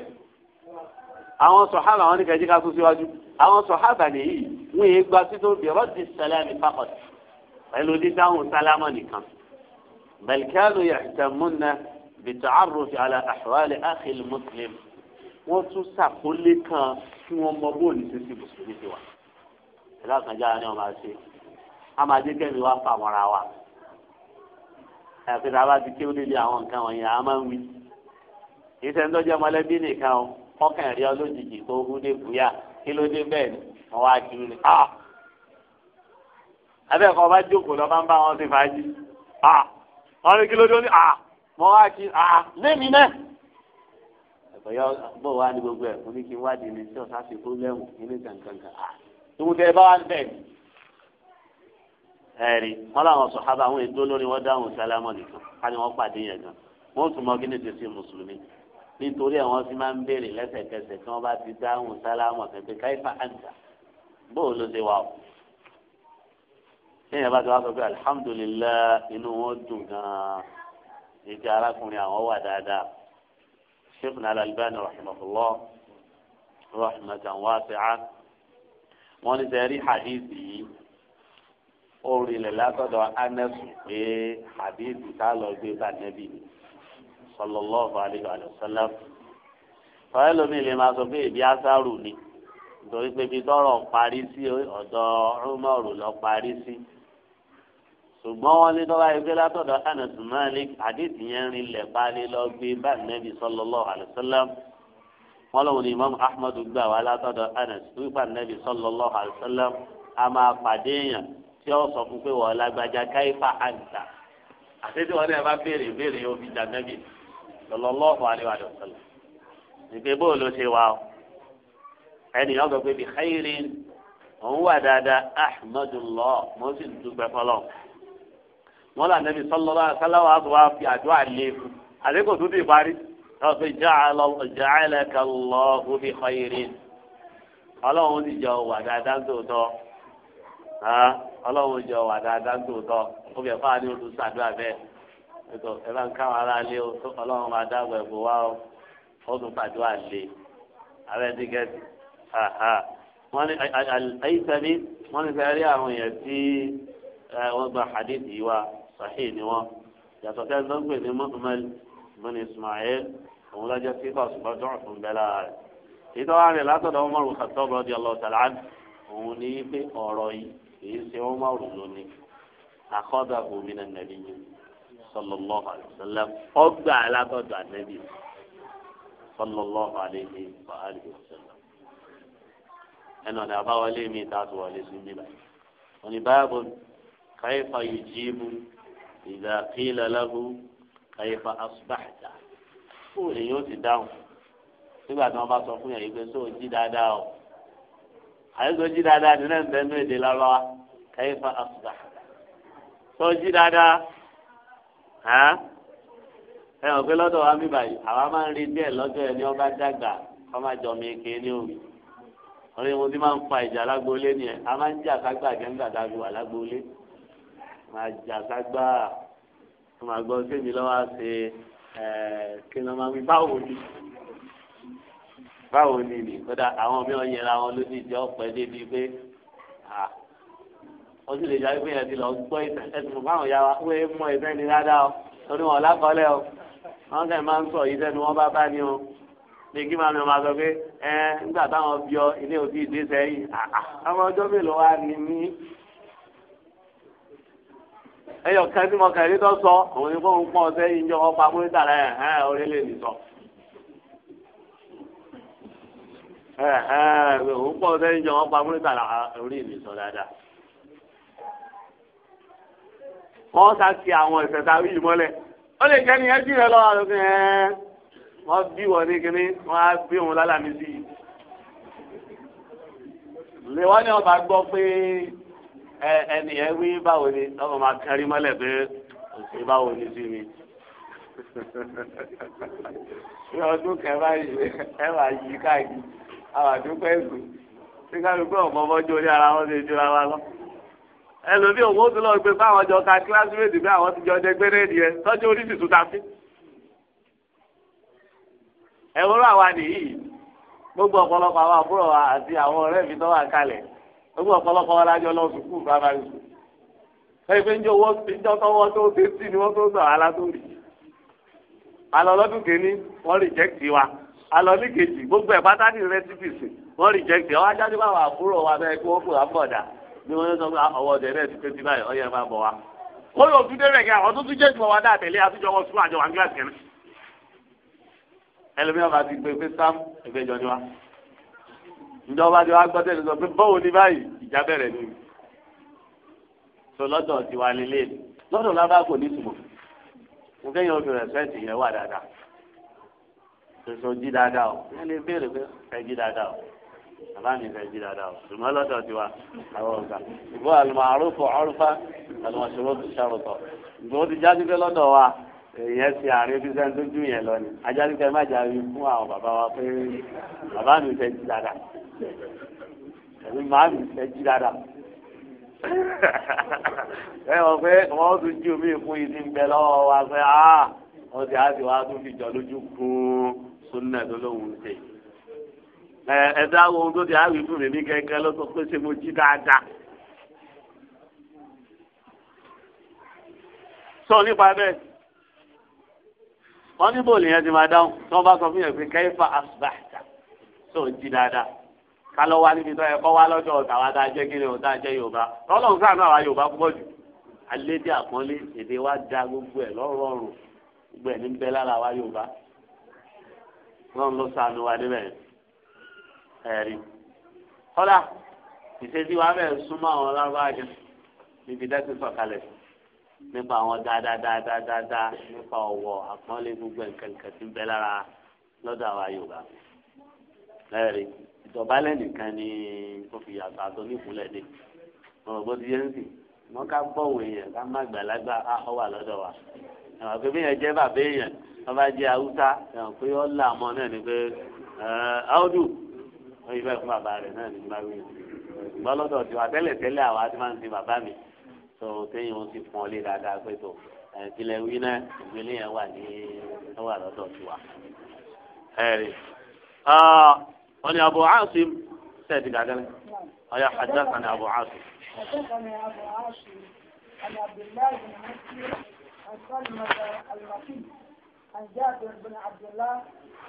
àwọn sọ̀hábà wọn ní kẹjí ká tún síwájú àwọn sọ̀hábà nìyí wọ́n yé gba títún bí ọ̀rọ̀ ti sẹ́lẹ̀ ní fákọ̀tì pẹ̀lú dídáhùn sálámà nìkan bẹ̀lìkẹ́lù yàtẹ̀múnà bìtà àròfin àlà àṣọwálẹ̀ àkìl mùsùlùm wọ́n tún sàkólé kan kí wọ́n mọ bóòlù títí mùsùlùmí ti wà. ìlà kan jára ni wọ́n máa ṣe a máa dé kẹ́mi wá fà mọ́ra wa. àfihàn abá ti kí ó nílé àwọn nǹkan wọ̀nyí a máa ń wí. iṣẹ́ ńlọ́jú ọmọlẹ́bí nìkan ọkàn ẹ̀rí ọlójijì tó hú dé bùyà kí ló dé bẹ́ẹ̀ ni wọ́n wá kiri ni abẹ́ẹ̀kọ́ bá jókòó lọ́ bá ń bá wọn ṣe fàájì wọ́n rí kí ló dé ní mọ́ wá kí lémi náà. ẹ̀fọ̀yọ́ bó wá ní gbogbo ẹ̀ mo ní kí n wádìí ní tí ọ̀sá ṣe pọ́blẹ́mù nílé kankankan. ìwọ̀n tẹ ẹ bá wà bẹ́ẹ̀ ni. ẹ̀rí wọn làwọn sọ̀hábà àwọn èdè olórin wọn dáhùn sálámọ̀ nìkan ká ní wọ́n pàdé yẹn gan. wọ́n tún mọ kíni tẹ̀sí mùsùlùmí. nítorí ẹ̀ wọ́n fi máa ń béèrè lẹ́sẹ̀kẹsẹ̀ tí wọ́n bá ti dáhùn sálámọ̀ kẹ́kẹ́ káyífà àǹtà bóòlù ṣe wà ó kéèyàn bá ti wá sọ pé alihamudulilayi inú wọn dùn gan-an ìdí arákùnrin àwọn wà dáadáa sheikh nal albani rahimahullah rahmatan wasi'a wọn ní sẹ́rí hadithi yìí ó rinlẹ̀ látọ̀dọ̀ anẹ́sù pé hadithi tá lọ gbé bá nẹ́bí ni sallallahu alayhi wa sallam tọ́lá lómi lè máa sọ pé ìbí asárù ni nítorí pé ibi tọ́rọ̀ parí sí ọ̀dọ̀ rúmọ̀rù lọ parí sí ṣùgbọ́n wọn ní tọ́lá ẹgbẹ́ látọ̀dọ̀ Anas Malik àdìsí yẹn rin lẹ̀ balẹ̀ lọ gbé báyìí nẹ́bí sallallahu alaihi wasallam wọn lọ́wọ́ ní Imam Ahmad gbà wá látọ̀dọ̀ Anas wípà nẹ́bí sallallahu alaihi wasallam a máa pàdé èèyàn tí ó sọ fún pé wọ́n lágbájá káyífà àǹtà àtẹ́tí wọn ní ẹ bá béèrè béèrè yóò fi dà nẹ́bí sallallahu alaihi wasallam pé bí wọn là nẹbi sọlọlá sálàwà àtúwà fi àdúrà lé fún àdékò tó ti parí rọpè jàálẹ kàlọ òbí xọyìrì Ọlọ́run ti jọ wà dáadáa tòótọ́ Ọlọ́run jọ wà dáadáa tòótọ́ òbí ẹfọ àti olùsàdúrà bẹ́ẹ̀ ètò ẹ bá ń káwọn aráalé o Ọlọ́run máa dáàbò ẹbùn wá o ó tún fàdúrà lé ààrẹ dígẹ́tì wọ́n ní àyíṣẹ́ mi wọ́n ní fẹ́ rí àwọn èèyàn tí wọ́n gba hadith yìí wá sàhíì ni wọ́n yàtọ̀ kẹ́ ló ń pè ní muhammed bin ismail òun lọ́jọ́ tí kò ṣùgbọ́n tó ọ̀fun bẹ́ẹ̀ lára rẹ̀ ìtọ́ wa rìn látọ̀dọ̀ umaru khatab radiyallahu ta'ala òun ní pé ọ̀rọ̀ yìí kì í ṣe umaru lónìí àkọ́dà òmìnira nàbí yìí sallallahu alayhi wa sallam ọgbà alábọ̀dọ̀ ànábì sallallahu alayhi wa alihi wa sallam ẹnu ọ̀nà àbáwọlé mi ta tó wọlé sí bíbá òní báàbò kayfa yujibu إذا قيل lẹ́hu كيف asùbàtà fún èyí ó ti dáhùn nígbà tí wọ́n bá sọ fún yẹn yìí pé sóò jí dáadáa o àyíkò jí dáadáa nínú ẹ̀ ń bẹ́ẹ̀ ní èdè lọ́wọ́ kàyífà asùbàtà sóò jí dáadáa ẹ hàn pé lọ́dọ̀ wa mi báyìí àwa máa ń rí díẹ̀ lọ́jọ́ ẹ ní ọba dàgbà wọ́n máa jọ mi kéé ní omi orí wọn ti máa ń fa ìjà lágbólé nìyẹn a máa ń jà kágbà gẹ́gbà dábì wà máa jà ságbá wọn máa gbọ́ kébi lọ́wọ́ ṣe kí ni máa wí báwo ni báwo ni ni kódà àwọn mi ò yẹra wọn lójú ìjọ pẹ́ débi pé wọ́n sì lè jáde pé yẹn ti lọ gbọ́ ẹ̀sìn fáwọn ìyá wa wọ́n ẹ̀ mọ ìfẹ́ ni dáadáa o torí wọn lákọọ́lẹ̀ o wọn kàn máa ń sọ yìí sẹ́nu wọn bá bá ní o ní kí màmí ọmọ sọ pé ẹ nígbà táwọn bí ọ ilé òbí ìdí sẹ́yìn àwọn ọjọ́ mélòó wa ni mí ẹyọ kan tí mo kàn rí tó sọ òun ni kóun pọ̀ sẹ́yìn jọ ọba mọ́tà rẹ̀ hàn orílẹ̀ èdè sọ. òun pọ̀ sẹ́yìn jọ ọba mọ́tà orílẹ̀ èdè sọ dáadáa. wọ́n sá sí àwọn ìfẹ̀tà rí ìmọ́lẹ̀ ó lè jẹ́ nìyẹn jù rẹ̀ lọ́wọ́ àlùkò ẹ̀ wọ́n bí wọ́n ní kíní wọ́n á bí òun lálàmì sí i. lè wọ́n ní ọba gbọ́ pé ẹni ẹ wí báwo ni ọmọ máa kárí mọ́lẹ̀ pé òsè báwo ni sí mi. ní ọdún kẹfà yìí ẹ wà yí káàkiri àwọn àdúgbò ẹ̀sùn tí kálukú ọ̀pọ̀ ọmọdé orí ara wọn ṣe jura wa lọ. ẹlòmí òun ó tún lọ gbé fáwọn ọjọ́ ká kílásímẹ́tì bí àwọn ti jọ jẹ gbé rẹ́ẹ̀dì yẹn tọ́jú orí sì tún ta sí. ẹ̀wọ́n àwa nìyí gbogbo ọ̀pọ̀lọpọ̀ àwọn àbúrò wa àti àwọn ọ̀rẹ́ mi tó kalẹ̀ gbogbo ọ̀pọ̀lọpọ̀ wọn lọ sùkúù primary school fẹ́ẹ́ fẹ́ ń jọ tọwọ́ tó ṣe sí ni wọ́n tó sọ àlá tó kìíní wọ́n reject wa alọ́ kejì gbogbo ẹ̀ pátá ní recipes wọ́n reject ọ́ ajáde bá wà àbúrò wa bẹ́ẹ̀ kí wọ́n fò wá bọ̀dà ni wọ́n sọ ah, ọwọ́ ọ̀dẹ̀ náà ti tẹ́tí báyìí ọ̀yẹ́ máa bọ̀ wá. ó yọ ojú dérè kí àwọn tún jẹ́ ìgbọ̀ wa dáa tẹ̀lé àtijọ́ wọn sùn àjọ wà ń gíláàsì kẹ́rin. ẹlòmíràn bá ti gbé pé sam ẹgbẹ́jọ ni wa ìjọba ti wá gbọ́dọ̀ lọ pé bọ́wọ́ ni báyìí ìjà bẹ̀rẹ̀ ni so lọ́dọ̀ ti wá lélẹ̀ lọ́dọ̀ lábá kò ní tùmọ̀ mo kẹ́yìn obìnrin ẹ̀fẹ́ǹtì yẹn wà dáadáa soso jí dáadáa o ẹ lè béèrè pé ẹ jí dáadáa o bàbá mi fẹ́ jí dáadáa o ṣùgbọ́n lọ́dọ̀ ti wá àwọn ọ̀gá ìgbọ́ àlùmọ̀ àrùfọ̀ ọ̀rùfá àlùmọ̀ ṣòro ti ṣàròtọ̀ ìgbọ́ ti jáde pé lọ́dọ̀ wa èèyàn ti àárín bí sẹ́ni tó jù yẹn lọ ni ajálù kẹ́ má jà rí fún àwọn bàbá wa pé bàbá mi fẹ́ jí dada ẹ̀mí màá mi fẹ́ jí dada ẹ wọ pé wọ́n tún jí omi fún yìí ti ń bẹ lọ́wọ́ wa pé ah wọ́n ti á ti wá tún fi jọ lójú kún súnà tó lóun ṣe ẹ ẹ dáwọ ohun tó ti á rí fún mi ní kẹ̀kẹ́ ló sọ pé ṣé mo jí dáadáa. sọ nípa bẹ́ẹ̀ wọ́n ní bòlì yẹn ti máa dáhùn tí wọ́n bá sọ fún yẹn pé kẹ́fà asbáta tó ń jí dáadáa ká lọ wá níbi tó yẹ kọ́ wá lọ́jọ́ ọ̀tà wa tá a jẹ́ kíni ọ̀tá a jẹ́ yorùbá tọ́lọ́run sáà náà wá yorùbá púpọ̀ jù alẹ́ dí àpọ́nlé èdè wa da gbogbo ẹ̀ lọ́rọ̀ọ̀rùn gbogbo ẹ̀ ní bẹ́ lára wa yorùbá lọ́run ló sànù wa níbẹ̀ ẹ̀rí kọ́lá ìṣesí wa bẹ̀ súnmọ́ àwọn lárúbáwá jẹ níbi dẹ́sí sọ̀kalẹ̀ sí nípa àwọn dáadáadáadáa nípa ọ̀wọ̀ àpọ́nlé gbogbo nǹkan nǹkan tí ń bẹ lára lọ́dọ̀ àwa Yorùbá lẹ́rìí ìdọ̀bálẹ̀ nìkan ni kò fi yàgbà tó nípìnlẹ̀ dé ọ̀rọ̀ bó ti yé ń sìn wọ́n ká bọ̀wọ̀ èèyàn ká má gbàlagbà á ọ wà lọ́dọ̀ wa ẹ̀wọ̀n pé bíyẹn jẹ́ bàbá èèyàn wọ́n bá jẹ́ haúsá ẹ̀wọ̀n pé ó là mọ́ náà ni pé áódù wọ́n yí bẹ́ẹ̀ fún bàbá rẹ̀ náà ní bá wí ìgbọ́lọ́dọ̀ tiwa tẹ́lẹ̀ tẹ́lẹ̀ àwa ti máa tó téèyàn ó sì fún ọ lé dáadáa pé tó ìpìlẹ̀ wí náà ìgbélé yẹn wà ní wà lọ́dọ̀ tiwa. ẹ̀rì wọ́n ní Abu Asim sẹ́ẹ̀dì gàgẹ́lẹ́ ọ̀yà àjẹsà ní Abu Asim. àjẹsà ní Abu Asim àti Abdullahi bin Muslim الصلمة المكي عن جابر بن عبد الله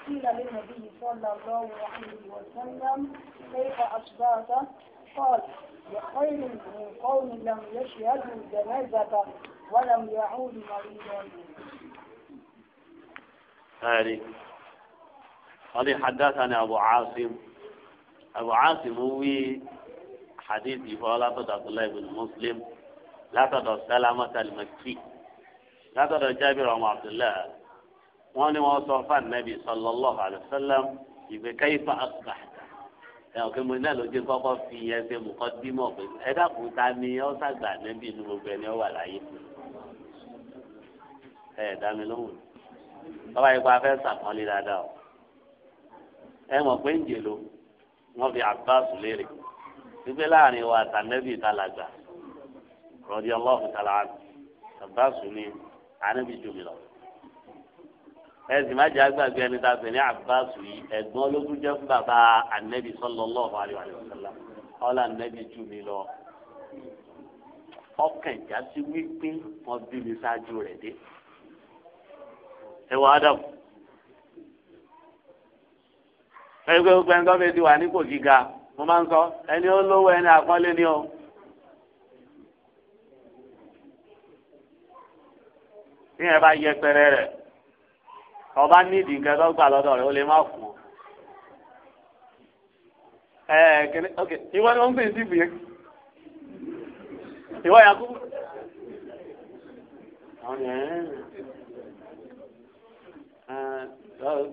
قيل للنبي صلى الله عليه وسلم كيف أصبحت؟ قال بخير من قوم لم يشهدوا الجنازة ولم يعودوا مريضا هذه هذه حدثنا أبو عاصم أبو عاصم هو حديث فلا عبد الله بن مسلم لا تدع سلامة المكي لا تدع جابر بن عبد الله وأنا وصف النبي صلى الله عليه وسلم كيف أصبح ẹ ọ̀kẹ́ mo náà ló dé kọ́kọ́ fi ẹsẹ̀ mú kọ́ dímọ̀ pé ẹ dàpọ̀ ta ni ọ sàgbà níbi inú gbogbo ẹni ọ wà láyé ẹ dá mi lóhùn bàbá yìí kó a fẹ́ dáadáa o ẹ mọ̀ pé ń jèlò wọ́n fi Abbas léèrè gbígbé láàrin wa àtànẹ́bì ìtàlágbà rọ̀dí ọlọ́ọ̀fù tàlà Abbas ní ànẹ́bì jòmìlọ́ọ̀ ẹsìn má jẹ agbàgbé ẹni tá a pè ní abbasu yìí ẹ̀gbọ́n ológun jẹ fún bàbá anabi sallallahu alaihi wa sallam ọlọ anabi jù mí lọ ọkàn ìjà sí wípé wọn bí mi ṣáájú rẹ dé ẹ wọ ẹgbẹ gbogbo ẹni fi di wà nípò gíga mo máa ń sọ ẹni ó ẹni àpọ́nlé ni o. bí ẹ bá yẹpẹrẹ rẹ ọba nídìí nǹkan tó gbà lọ́dọ̀ rẹ̀ ó lè má fún ọ. ẹ ẹ ok ìwọ ni wọn ń sí ìbùyẹ ìwọ yà kú.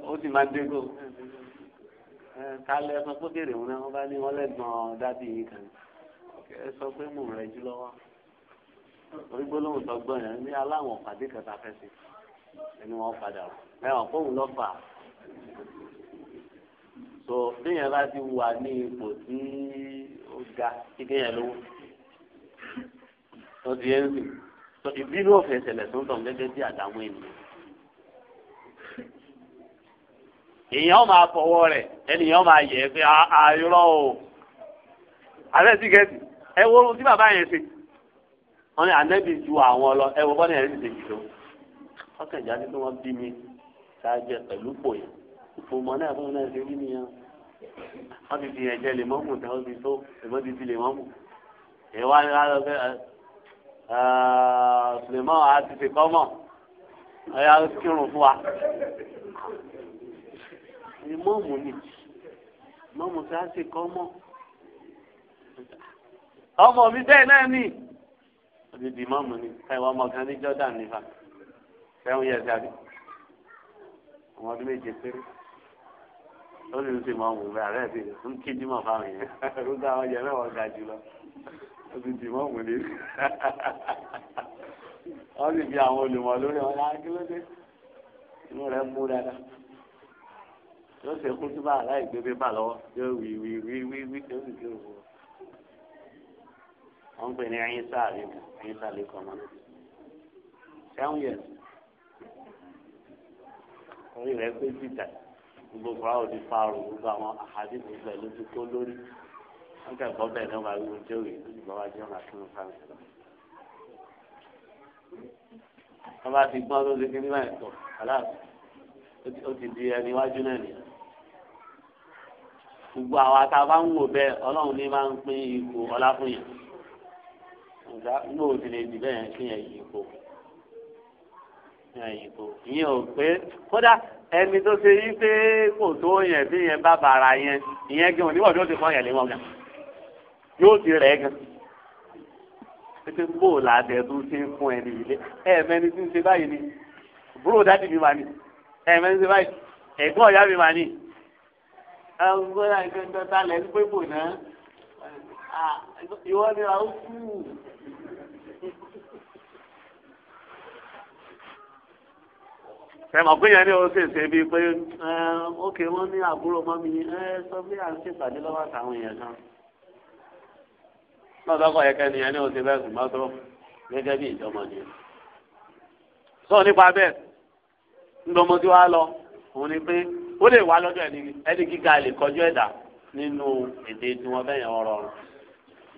ó sì máa dégò kálẹ̀ ẹ sọ pé béèrè wọn náà wọn bá ní wọn lẹ́gbọ̀n dábì yìí kan ẹ sọ pé mò ń rẹ jù lọ́wọ́ orí gbólóhùn tó gbọ́ yẹn ní aláwọ̀ pàdé kẹta fẹ́ sí i ẹni wọn padà ẹwọn fóun lọ fà so téèyàn bá ti wà ní ipò tí ó ga kí kéèyàn lówó tó ti ń sìn so ìbínú òfin ìṣẹ̀lẹ̀ tó ń tàn gẹ́gẹ́ bí àdàmú ènìyàn èèyàn máa fọwọ́ rẹ̀ ẹnìyàn máa yẹ pé àìrọ́ ah, ah, o àbẹ́ sí gẹ̀ẹ́sì ẹ wo ohun tí bàbá yẹn ṣe wọn ni ànẹ́bí ju àwọn lọ ẹ wo bọ́ọ̀nì ẹ̀rí ti ṣe jù lọ ọkàn jáde pé wọ́n bí mi ṣáájẹ pẹ̀lú pò yẹn ipò mọ́ náà fún náà ṣe rí nìyẹn wọ́n ti fi ẹ̀jẹ̀ lè mọ́mù tẹ́ wọ́n ti tó èmọ́ ti fi lè mọ́mù ìwà ni wọ́n lọ fẹ́ sùlẹ̀mọ́ a ti fi kọ́ mọ̀ ọ̀yà kírun fún wa ni mọ́mù ni mọ́mù tí a ti kọ́ mọ́ ọmọ mi bẹ́ẹ̀ náà ni ó ti di mọ́mù ni káyọ̀ ọmọ kan ní Jordan nípa sẹ́wọ̀n yẹ dàbí ọmọ ọdún méje péré lórí ní ti mọ ọmọ òwe ààrẹ ti ń kí dímọ̀ fáwọn yẹn rúgbà àwọn yẹn mẹ́wàá ga jù ó ti dì mọ́ òun ní wọ́n sì fi àwọn olùmọ̀ lórí wọn lára ah, kí ló dé inú rẹ̀ mú dáadáa yóò ṣe kú sí báà láì gbé pépà lọ́wọ́ yóò wí wí wí wí wí tó sì kí òkú wọ́n ń pè ní ẹyin sáà lẹ́kọ̀ọ́ ẹyin sáà lẹ́kọ̀ọ́ mọ́ náà seven orí rẹ̀ pé jìjà gbogbo àwọn òdi fáàrù gbogbo àwọn àhàdì gbogbo ẹ̀ ló ti kó lórí wọn kẹ́ gbọ́ bẹ́ẹ̀ ní wọn wíwọ jẹ́wèé ìgbà wájú ọ̀nà kí wọn fà wọn bá ti gbọ́n tó ṣe kí nígbà yẹn aláàbò ó ti di ẹni iwájú náà nìyẹn. gbogbo àwọn àtàwọn ń wò bẹ́ẹ̀ ọlọ́run ní máa ń pín ipò ọlá fún yẹn. ǹjẹ́ inú lè dì bẹ́ẹ̀ kí yẹn yí ipò ìbò ìyẹn ò pé kódà ẹni tó ṣe yí pé kò tó yẹn bí yẹn bá bàrà yẹn ìyẹn gan oníwọ̀n yóò ti fọ́n lé wọn gan yóò ti rẹ̀ gan pé bó la dẹ̀dú ṣe ń fún ẹni ilé ẹ̀ẹ̀mẹ́ni tí ń ṣe báyìí ni búrò dáàdì mi máa ní ẹ̀ẹ̀mẹ́ni ṣe báyìí ẹ̀gbọ́n ọ̀yá mi máa ní. ọgbọ́n àìsàn dọ́tà lẹ́nu pé bò náà ìwọ ni a ó kú fẹ́mọ̀ pé yẹn ní o ṣe ṣe bíi pé ókè wọ́n ní àbúrò mọ́ mi sọ pé à ń ṣèpàdé lọ́wọ́ àtàwọn èèyàn kan. lọ́dọ̀ kọ̀ yẹ kẹ́ni yẹn ní o ṣe bẹ́ẹ̀ sùn mọ́tò gẹ́gẹ́ bí ìjọmọ ni. sọ nípa bẹ́ẹ̀ ńlọmọ tí wàá lọ òun ni pé ó lè wá lọ́dọ̀ ẹni gíga lè kọjú ẹ̀dá nínú èdè tí wọ́n bẹ̀yẹn ọ̀rọ̀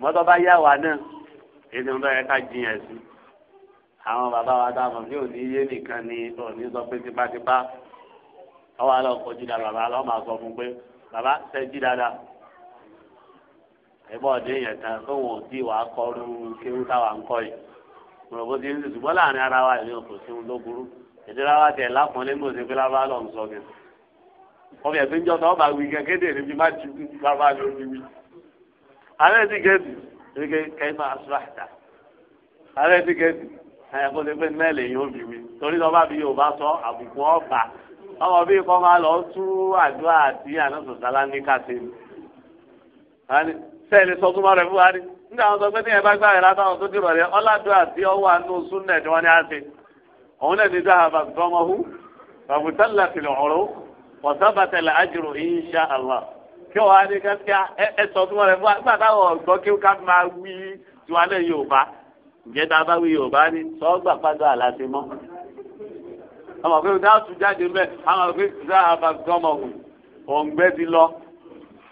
mọ́tò bá yá wa náà èdè ń bẹ̀rẹ̀ ká jiyàn sí àwọn bàbá wa dáhùn bí òní yé nìkan ni òní sọ pé tipátipá ọwọ́ àlọ́ kojú da bàbá lọ́ máa sọ fún pé bàbá sẹ́jí dáadáa ẹ̀bọ́ ọ̀dẹ́ yẹn kan tó wọn ò tí wàá kọrú kéwú táwa ń kọ́ yìí mọ̀rọ̀ bó ti ń sùn ṣùgbọ́n láàrin ara wa ìlú kò sí ohun tó burú ìdílé wa tẹ̀ lápọ̀nlé mọ̀ sí pé lábá lọ ń sọ mi ọbẹ̀ ẹ̀ tó ń jọ tó ọba wí kéde ní bí má ti kú lábá ló ń wí. alẹ́ ti kẹ́sì kéke kẹ́sì máa sọ àtà alẹ́ ti kẹ́sì ẹ̀kọ́ ti pé nẹ́ẹ̀lì yóò bí mi torí lọ́ba bí yóò bá sọ àbùkù ọ̀bà ọmọ bíi kọ́ máa lọ tú àdúrà àti ànásọ̀sálá ní kàtẹ́ mi. sẹ́ẹ̀lì sọ túmọ̀ rẹ̀ fún wa ní nígbà wọn sọ pé tíyẹn bá gbà rẹ̀ látàwọn tó dìrọ̀ rẹ̀ ọ̀làdúrà àti ọwọ́ àánú súnlẹ̀ tí wọ́n ní àṣẹ. òun náà ti dá àbá gbọmọhu bàbùtálà tìlẹ̀ ọ̀rọ̀ wọ̀sábàtẹ̀lẹ̀ àjùrò insha Allah. kí wọ́n á ní kẹ́kẹ́ ẹ sọ túmọ̀ rẹ̀ fún nígbà táwọn ọ̀gbọ́n kí ǹjẹ́ tá a bá wí yorùbá ni sọ́gbà pàdé àlàsí mọ́ àwọn òfin tá a tún jáde mbẹ àwọn òfin tá a bá gbọmọ òǹgbẹ ti lọ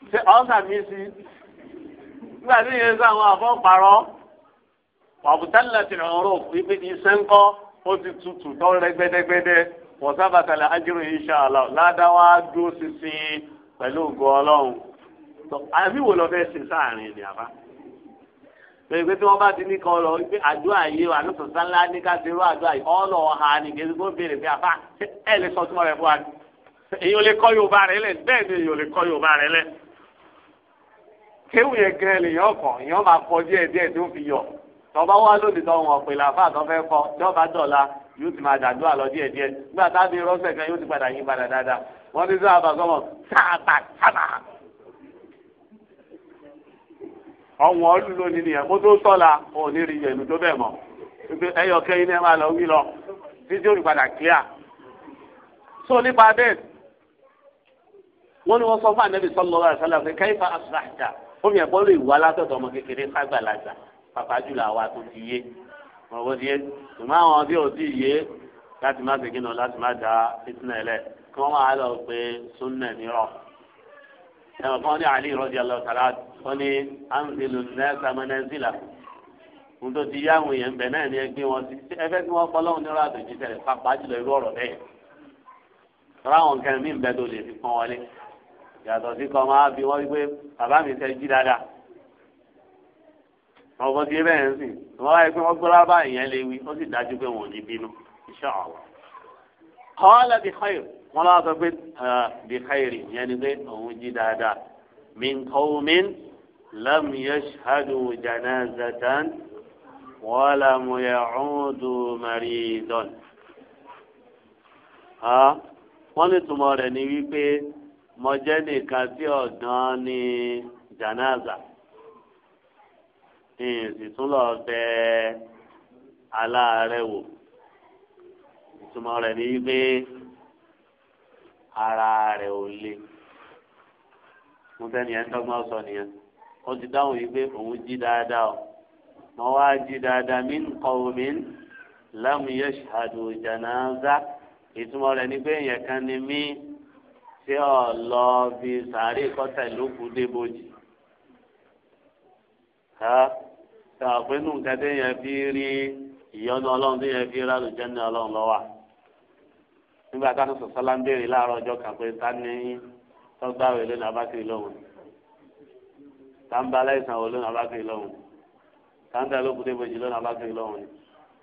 ṣe ọ̀sà mi sí nígbà tí yẹn sọ àwọn àfọ̀pàrọ̀ ọ̀bùtálà tìrọ̀ ọ̀rọ̀ ibi ní sẹ́ńkọ́ ó ti tutù tọ́ rẹ́gbẹ́dẹ́gbẹ́dẹ́ wọ́n sábà kalẹ̀ ajírò insha Allah ládàá dúró sísìn pẹ̀lú ògo ọlọ́run àbí wò lọ fẹ́ sìn sáàrin ìdí àbá pẹ̀lú pé tí wọ́n bá ti ní kan lọ wípé àdúrà yìí wà lóṣù sánlá ní ká ti rú àdúrà yìí ọ̀nà ọ̀hà ni kìí kó béèrè pé àfa ẹ̀ lè sọ túmọ̀ rẹ̀ fún wa ni èyí ò lè kọ́ Yorùbá rẹ̀ lẹ̀ bẹ́ẹ̀ ni èyí ò lè kọ́ Yorùbá rẹ̀ lẹ̀. kéwù yẹn gan lèyàn kàn èyàn máa kọ díẹ̀ díẹ̀ tó fi yọ tọba wá lónìí tó wọn pè láfa tó fẹ́ kọ jọba dọ̀la yóò ti máa dàdúrà lọ díẹ̀ díẹ̀ nígbà tábí rọ́ṣẹ̀ kan yóò ti padà yín padà dáadáa wọ́n ti sọ àbàkọ́mọ̀ sáàtà sábà ọ̀wọ́n ọdún lónìí nìyẹn kó tó sọ̀la ò ní rí yẹnu tó bẹ̀ mọ́ pé ẹyọ kẹ́yìn náà máa lọ wí lọ títí ó rí padà clear. so nípa bẹ́ẹ̀ wọ́n ní wọ́n sọ fún anabi sallallahu alaihi wasallam pé kayfa asbahta fún mi ẹ̀ bọ́ọ̀lù ìwà látọ̀tọ̀ ọmọ kékeré fàgbàlagbà pàpà jùlọ àwa tó ti yé ọ̀rọ̀ ti yé ṣùgbọ́n àwọn bí ò ti yé láti má segin náà láti má da fitinẹ lẹ kí wọ́n máa lọ pé súnnà nírọ̀ ẹ̀wọ̀n kan ní Ali radiyallahu ta'ala wọ́n ní anzilu nẹ́ẹ̀sà mẹ́nẹ́sìlà ohun tó ti yá àwọn èèyàn bẹ̀ náà ni ẹ gbé wọn sí ẹfẹ́ kí wọ́n pọ́lọ́hún nírọ̀ àtòjì tẹ̀lé pàápàá jùlọ irú ọ̀rọ̀ bẹ́ẹ̀ tọ́lá àwọn nǹkan mí bẹ́ẹ̀ tó lè fi pọ́n wọlé yàtọ̀ sí kọ́ máa bí wọ́n wípé bàbá mi fẹ́ jí dáadáa àwọn tí bẹ́ẹ̀ ń sìn wọ́n wáyé pé wọ́n gbọ́dọ̀ bá ìyẹn léwu ó sì dájú pé wọn ò ní bínú insha Allah wọn lọ sọ pé ah, bí káyìrì yẹn ni pé òun jí dáadáa min qawmin lam yashhadu janazatan wa lam ya'udu maridan. Ah, wọ́n lè túmọ̀ rẹ̀ ní wípé mo jẹ́ nìkan tí ọ̀gán ní janaza ìsì tún lọ aláàárẹ̀ wò ìtumọ̀ rẹ̀ ní wípé ara rẹ̀ ò le mo tẹ́ni ẹ̀ ń dọ́gbọ́n sọ nìyẹn ó ti dáhùn yìí pé òun jí dáadáa o mo wá jí dáadáa min qawmin lam yashhadu janaza ìtumọ̀ rẹ̀ ni pé èèyàn kan ni mí tí ò lọ bí sàárè kọ́tà lókù débojì ká ṣàpínú nǹkan téèyàn fi rí ìyọnu ọlọ́run téèyàn fi rálù jẹ́ni ọlọ́run lọ́wọ́ nígbà táwọn sọ sọlá ń béèrè láàárọ̀ ọjọ́ kan pé ta ni tọ́gbà wẹ̀ lónìí abákiri lọ́hùn ta ń ba aláìsàn wọ lónìí abákiri lọ́hùn ta ń tẹ̀lé òkúté bòjì lónìí abákiri lọ́hùn ni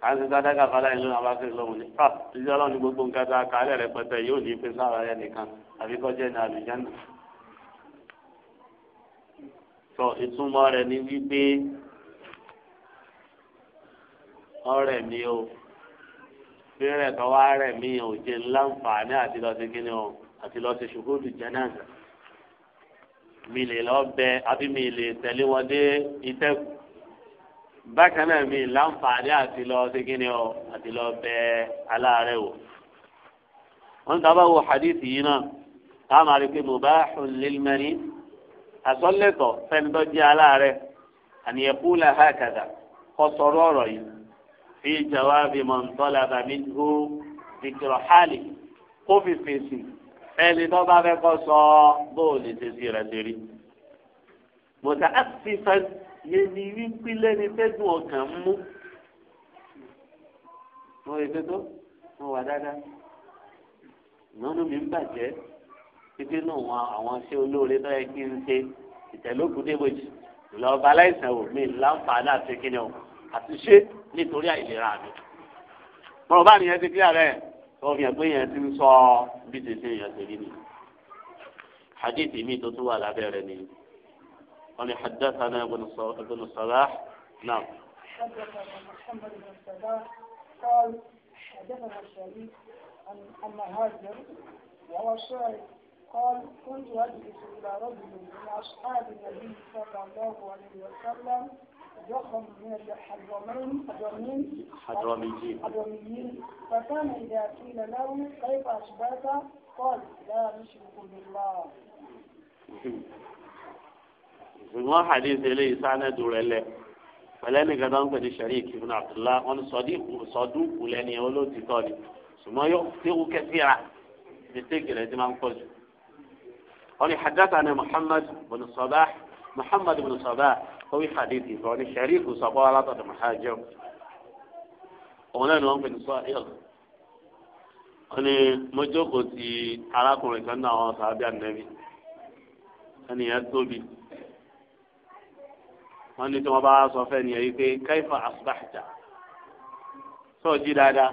ta ń sin sádàkà fáláyìn lónìí abákiri lọ́hùn ni ah ìjọ ọlọ́run ní gbogbo nǹkan tá a kà á lẹ̀ rẹpẹtẹ yóò ní pé sára rẹ nìkan àbíkọ́jẹ́ ní àlùjánnà sọ ìtumọ̀ rẹ̀ ní wípé ọ̀rẹ́ mi o rírẹ̀ tó wá rẹ̀ mí ò jẹ́ láǹfààní àti lọ́ọ́ ṣe kíni o àti lọ́ọ́ ṣe ṣùkúrù jánásà mi lè lọ bẹ àbí mi lè tẹ̀lé wọn dé ìtẹ́kù bákan náà mi láǹfààní àti lọ́ọ́ ṣe kíni o àti lọ́ọ́ bẹ aláàárẹ̀ wò. wọ́n dábàá wo hadith yìí náà táwọn àríkè mubahun lil marid àsọ̀lẹ̀tọ̀ aláàárẹ̀ àníyẹ̀kú làhákàdà kọ́ sọ̀rọ̀ ọ̀rọ̀ yìí fi jawaabi mọ̀ntọ́lába mi tó dìkìrọ̀ hali kó fi fèsì ẹni tó bá fẹ́ kọ́ sọ bóòlù tẹ̀sí rẹ̀ lérí. mọ̀tà àtìfẹ́ yé ni wípé lẹ́ni fẹ́dùn ọkàn mú. mo ètò tó mo wà dáadáa ìnáwó mi ń bàjẹ́ títí nù wọn àwọn iṣẹ́ olóore tó yẹ kí n ṣe ìtẹ̀lókùdébòjì lọ́ọ́ balẹ̀ ìsàn wò láǹfààní àti kíni ọ̀hún àti ṣe nítorí àìlera mi. mọ̀rọ̀ bá nìyẹn ti kílà rẹ̀ tó fi hàn pé yẹn ti ń sọ bí tètè yẹn ti rí ni. حديث ميت توا على بيرني قال حدثنا ابن ابن الصلاح نعم حدثنا محمد بن الصلاح قال حدثنا الشريف عن عن هاجر وهو الشاعر قال كنت اجلس الى رجل من اصحاب النبي صلى الله عليه وسلم ضخم من الحضرمين حضرمين حضرميين حضرميين فكان إذا قيل له كيف أشبهت قال لا نشرك بالله ṣùgbọ́n hadith eléyìí sánẹ́dù rẹ̀ lẹ̀ pẹ̀lẹ́nì gàdán pẹ̀lú sharik ibn abdullah wọn sọdúnkù lẹ́ni olóòtítọ́ ni ṣùgbọ́n yóò tẹ́wọ́ kẹfìrà ní tẹ́gìrẹ́ tí máa ń pọ̀ jù. wọ́n ní haddatha ni muhammad bin sabah محمد بن صباح هو حديثي فوني شريف صباح لا تدم حاجة ونحن هم في الصائغ أني مجوكو تي أراكم لكنا وصحابي النبي أني يتوبي wọ́n ní tí wọ́n bá sọ fẹ́ ni èyí pé kaifa asbahta sọ jí dáadáa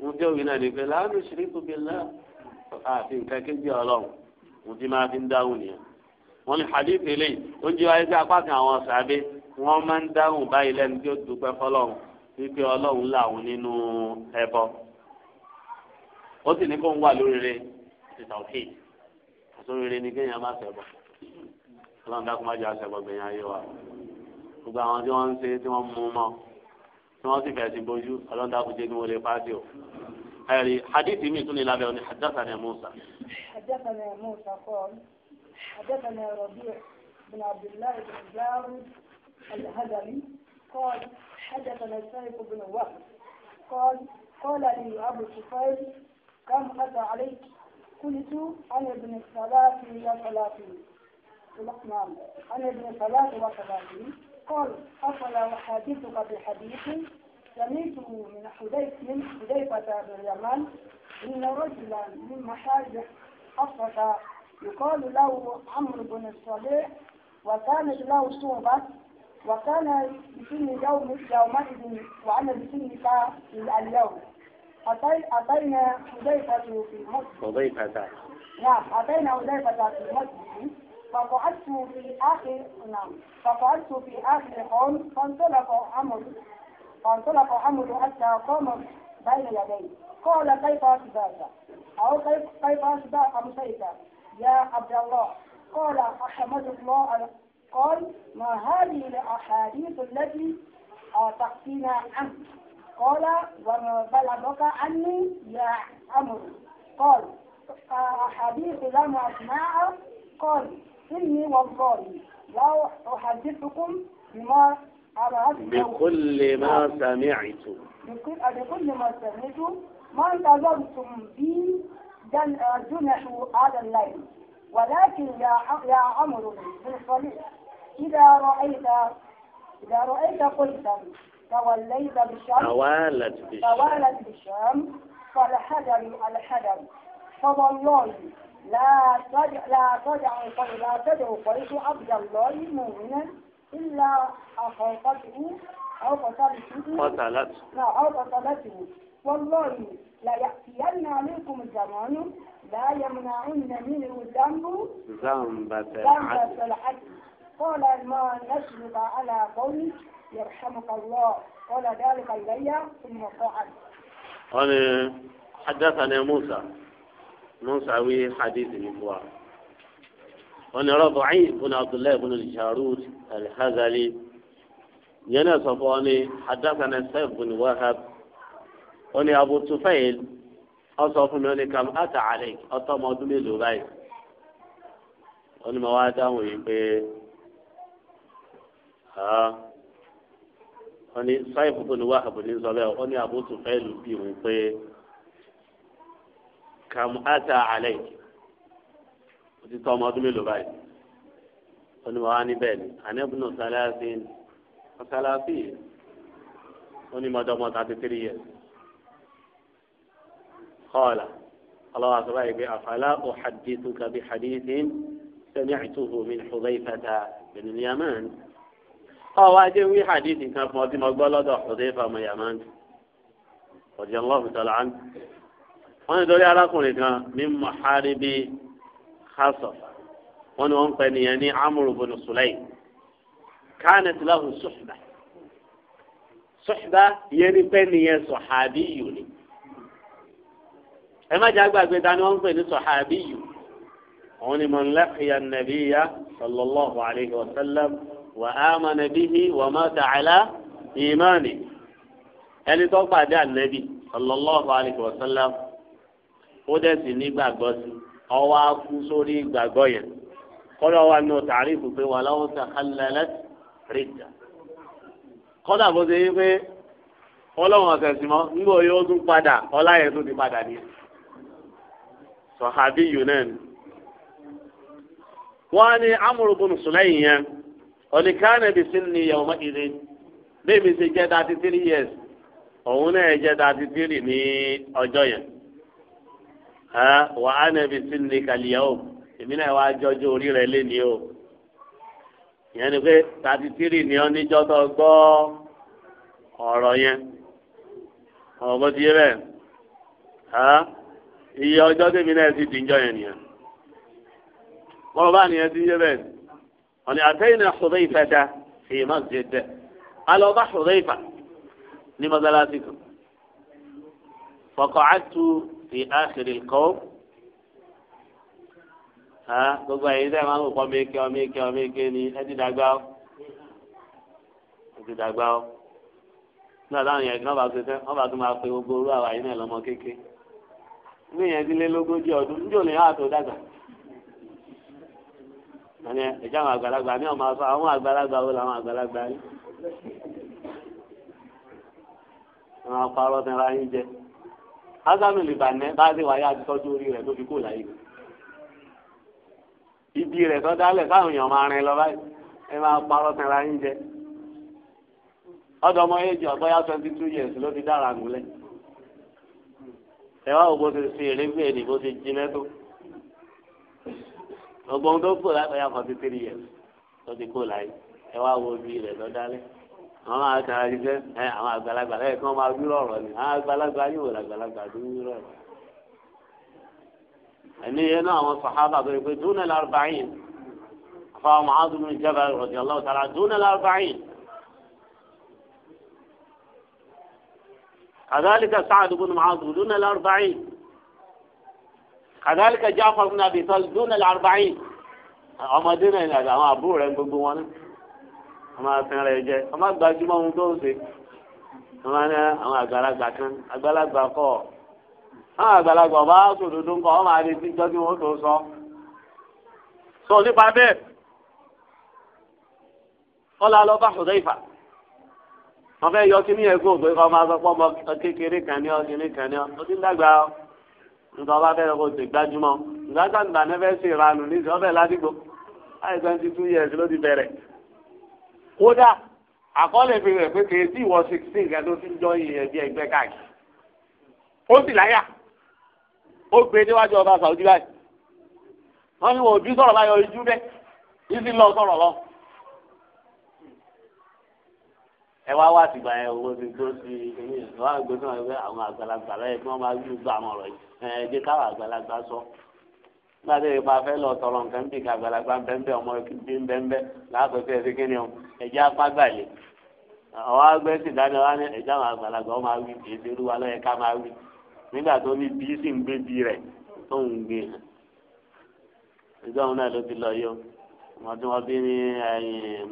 mo jẹ́ òbí náà ní pé la nushriku billah àfi nǹkan kéjì ọlọ́run mo ti máa fi ń dáhùn nìyẹn wọn ní hadith eléyìí ó jẹ́ wáyé sí apá kan àwọn sàbẹ̀ wọ́n máa ń dáhùn báyìí lẹ́nu tí ó dúpẹ́ fọlọ́run wípé ọlọ́run làwọn nínú ẹbọ ó sì ní kó ń wà lóríire títà òkè àtúnrere ni kéèyàn má ṣẹbọ ọlọ́run dákun má jẹ́ àṣẹbọ gbẹ̀yìn ayé wa gbogbo àwọn tí wọ́n ń ṣe tí wọ́n mú mọ́ tí wọ́n sì fẹ̀ẹ́ sí bójú ọlọ́run dákun jẹ́ kí wọ́n lè pàṣẹ o. ẹ̀rí hadith mi tún ní lábẹ́ òní haddathana Musa. haddathana Musa kọ́ ọ́. حدثنا ربيع بن عبد الله بن جار الهدمي قال حدثنا سيف بن وهب قال قال لي أبو سفيان كم أتى عليك قلت أنا ابن الصلاة وثلاثين نعم أنا ابن الصلاة وثلاثين قال أفلا أحادثك بحديث سمعته من حذيف من حذيفة بن اليمن إن رجلا من محارب حفظ يقال له عمرو بن الصالح وكانت له صوبة وكان بسن يوم يومئذ وأنا بسنك اليوم أتي أتينا حذيفة في المسجد حذيفة نعم أتينا حذيفة في المسجد فقعدت في آخر نعم فقعدت في آخر قوم فانطلق عمرو فانطلق عمرو حتى قام بين يديه قال كيف أصبحت أو كيف كيف أصبحت أمسيت يا عبد الله قال أحمد الله قال ما هذه الأحاديث التي تحكينا عنه قال وما بلغك عني يا أمر قال أحاديث لم أسمعها قال إني والله لا أحدثكم بما بكل ما سمعت بكل ما سمعت ما انتظرتم بي جنحوا هذا الليل ولكن يا يا عمرو بالصليب إذا رأيت إذا رأيت قلت توليت بالشام توالت بالشام توالت بالشام فالحجر الحجر فوالله لا تدع لا تدع لا تدع قريش عبد الله مؤمنا إلا أخافته أو قتلته قتلته لا أو قتلته والله لا يأتين منكم زمان لا يمنعن منه الذنب ذنب العدل قال ما نشرب على قولك يرحمك الله قال ذلك إلي ثم فعل أنا حدثنا موسى موسى وي حديث الإخوة أنا رضعي بن عبد الله بن الجارود الهذلي ينسى حدثنا سيف بن وهب ó ní Abu Tufail ó sọ fún mi ó ní kam ata alek ọtọ́ ọmọ ọdún mélòó báyìí ó ní mo wá dáhùn yìí pé ah. ó ní sáyẹ̀fù tó ní wàhábù ní sọ bẹ́ẹ̀ ó Abu Tufail bí òun pé kam ata alek ó ti ọmọ ọdún mélòó báyìí ó ní wá ní bẹ́ẹ̀ ni anẹ́bùnú sálásí sálásí ó ní mo dọ́mọ thirty three years kọ́ọ̀là ọlọ́wọ́ àti báyìí pé àfàlà uhaddithuka bi hadithin sami'tuhu min Hudhayfata bin Yaman. ọwọ́ ajé wí hadithi kan fún ọtí mo gbọ́ lọ́dọ̀ Hudhayfa ọmọ Yaman radiyallahu ta'ala anhu. wọ́n ní torí arákùnrin kan ní muharibi hasafa wọ́n ní wọ́n ń pẹ́ nìyẹn ní amúrù bùnú sùlẹ̀yì kánẹt lahu suhba suhba yẹn ní pẹ́ nìyẹn sọ̀hábí yòó ni ẹ má jẹ́ àgbàgbé dání wọ́n ń pè ní sọ̀hábí yìí òun ni man laqiya an-nabiyya sallallahu alayhi wa sallam wa amana bihi wa mata ala imani ẹni tó pàdé ànábì sallallahu alayhi wa sallam ó dẹ̀ sì ní gbàgbọ́ sí ọwọ́ akú sórí gbàgbọ́ yẹn kọ́dọ̀ wa nù tàrífù pé wà láwọn sàkálẹ̀lẹ̀ rìjà kọ́dà bó ṣe pé ọlọ́run ọ̀sẹ̀ sí mọ́ nígbà yóò tún padà ọláyẹ̀ tó ti padà nìyẹn. sọ̀hábí yunan wọ́n ní amúrú bùn sùlẹ́yìn yẹn oníkànnì bí sí ni yẹ̀wò má ìdí bẹ́ẹ̀mi ṣe jẹ́ thirty years òun náà jẹ́ thirty three ọjọ yẹn yẹn ni pé thirty three ni ọ níjọ́ tó yẹn ọ̀rọ̀ iye ọjọ́ tèmi náà ti dìjọ́ yẹn nìyẹn wọn bá nìyẹn ti ń yé bẹ́ẹ̀ ọ̀nà àtẹ́yìn náà ṣọ̀rọ̀ ìfẹ́ da èyí má ti dẹ́ alọ́ bá ṣọ̀rọ̀ ìfà ní mọ́sálásí kan fọkọ̀ àtú fi áṣírí kọ́ gbogbo ẹ̀yin tẹ́ máa ń kọ́ méke ọ méke ni ẹ ti dàgbà ọ ẹ ti dàgbà ọ nígbà táwọn yẹn kí wọ́n bá tún máa pe gbogbo orú àwọn àyín náà lọ́mọ kéékèé. ní ìyẹndínlélógójì ọdún níjó lè hàn tó dàgbà ẹni ẹjẹ àwọn àgbàlagbà ní ọmọ afọ àwọn àgbàlagbà wo làwọn àgbàlagbà yìí àwọn apárọ tí ra yín jẹ ágámì lìbànẹ bá wáyé orí fi kó láyé ibi rẹ tó dálẹ̀ káwọn èèyàn máa rìn lọ báyìí ẹ máa parọ́ tí ra yín jẹ ọdọ ọmọ yẹn jẹ years ló fi dára gúnlẹ̀. ẹ wá wo bó ti fi èrègbè ẹni bó ti jiná tó gbogbo ohun tó kù láti ọyà kan ti tiri yẹ tó ti kù láyé ẹ wá wo bí rẹ lọ dálé àwọn máa kàn án ẹ àwọn àgbàlagbà lẹ́yìn kan máa wí lọ́rọ̀ ni àwọn àgbàlagbà yóò rà àgbàlagbà tó wí lọ́rọ̀ ẹni yẹn náà àwọn sàhábà tó yẹ pé dúnà lárúbáyìn fáwọn màá tó mú ìjábà rọ̀jọ̀ lọ́wọ́ tààrà dúnà lárúbáyìn. كذلك سعد بن معاذ دون الأربعين كذلك جعفر بن أبي طالب دون الأربعين أما دون أما أبو رن بقوانا أما سنة يجي أما باجمع مدوسي أما أنا أما أقلق كان أقلق باكو، أما أقلق بقى سودون كو أما أدي تجدي وتو سو سو نبابي قال الله بحذيفة wọ́n fẹ́ yọ kíní yẹn gún òpè máa sọ pé kékeré kan ọ kíní kan ọ ti dàgbà ọ nǹkan ọba fẹ́ kó ti gbájúmọ́ ìgbàgbà nígbà náà fẹ́ ṣe ìranù ní ìṣọ́fẹ́ ládìgbò láì twenty two years ló ti bẹ̀rẹ̀ kódà àkọọ́lẹ̀ fi rẹ̀ pé kèé tí ìwọ sixteen kan tó ti ń jọ ìyẹn bí ẹgbẹ́ káàkiri ó sì láyà ó gbé níwájú ọba Saudi báyìí wọ́n ní wọn ò bí sọ̀rọ̀ báyọ̀ ojú bẹ́ẹ̀ ní ti lọ sọ̀rọ̀ lọ. ẹ wá wá àtìgbà yẹn owó ti tó sí ilé ìwà àgbẹ̀tàn ẹgbẹ́ àwọn àgbàlagbà lẹ́yìn tí wọ́n máa gbé gbà àwọn ọ̀rọ̀ yìí ẹ jẹ́ káwọn àgbàlagbà sọ. nígbà tí ìpa fẹ́ lọ tọrọ nǹkan bí àgbàlagbà bẹ́ńbẹ́ ọmọ bí bẹ́ńbẹ́ láàpẹ̀tẹ̀ ẹ̀sìn kí ni ọ ẹ̀jẹ̀ apá gbàlè. ọ̀wá gbẹ́ sì dáná wá ní ẹ̀jẹ̀ àwọn àgbàlagbà ọ máa wí èdè olúwa lọ́yẹ ká máa wí nígbà tó ní bí sì ń gbé bí rẹ̀ tó ń gbé hàn. ìjọ́ òun náà ló ti lọ yọ wọ́n ti bí ní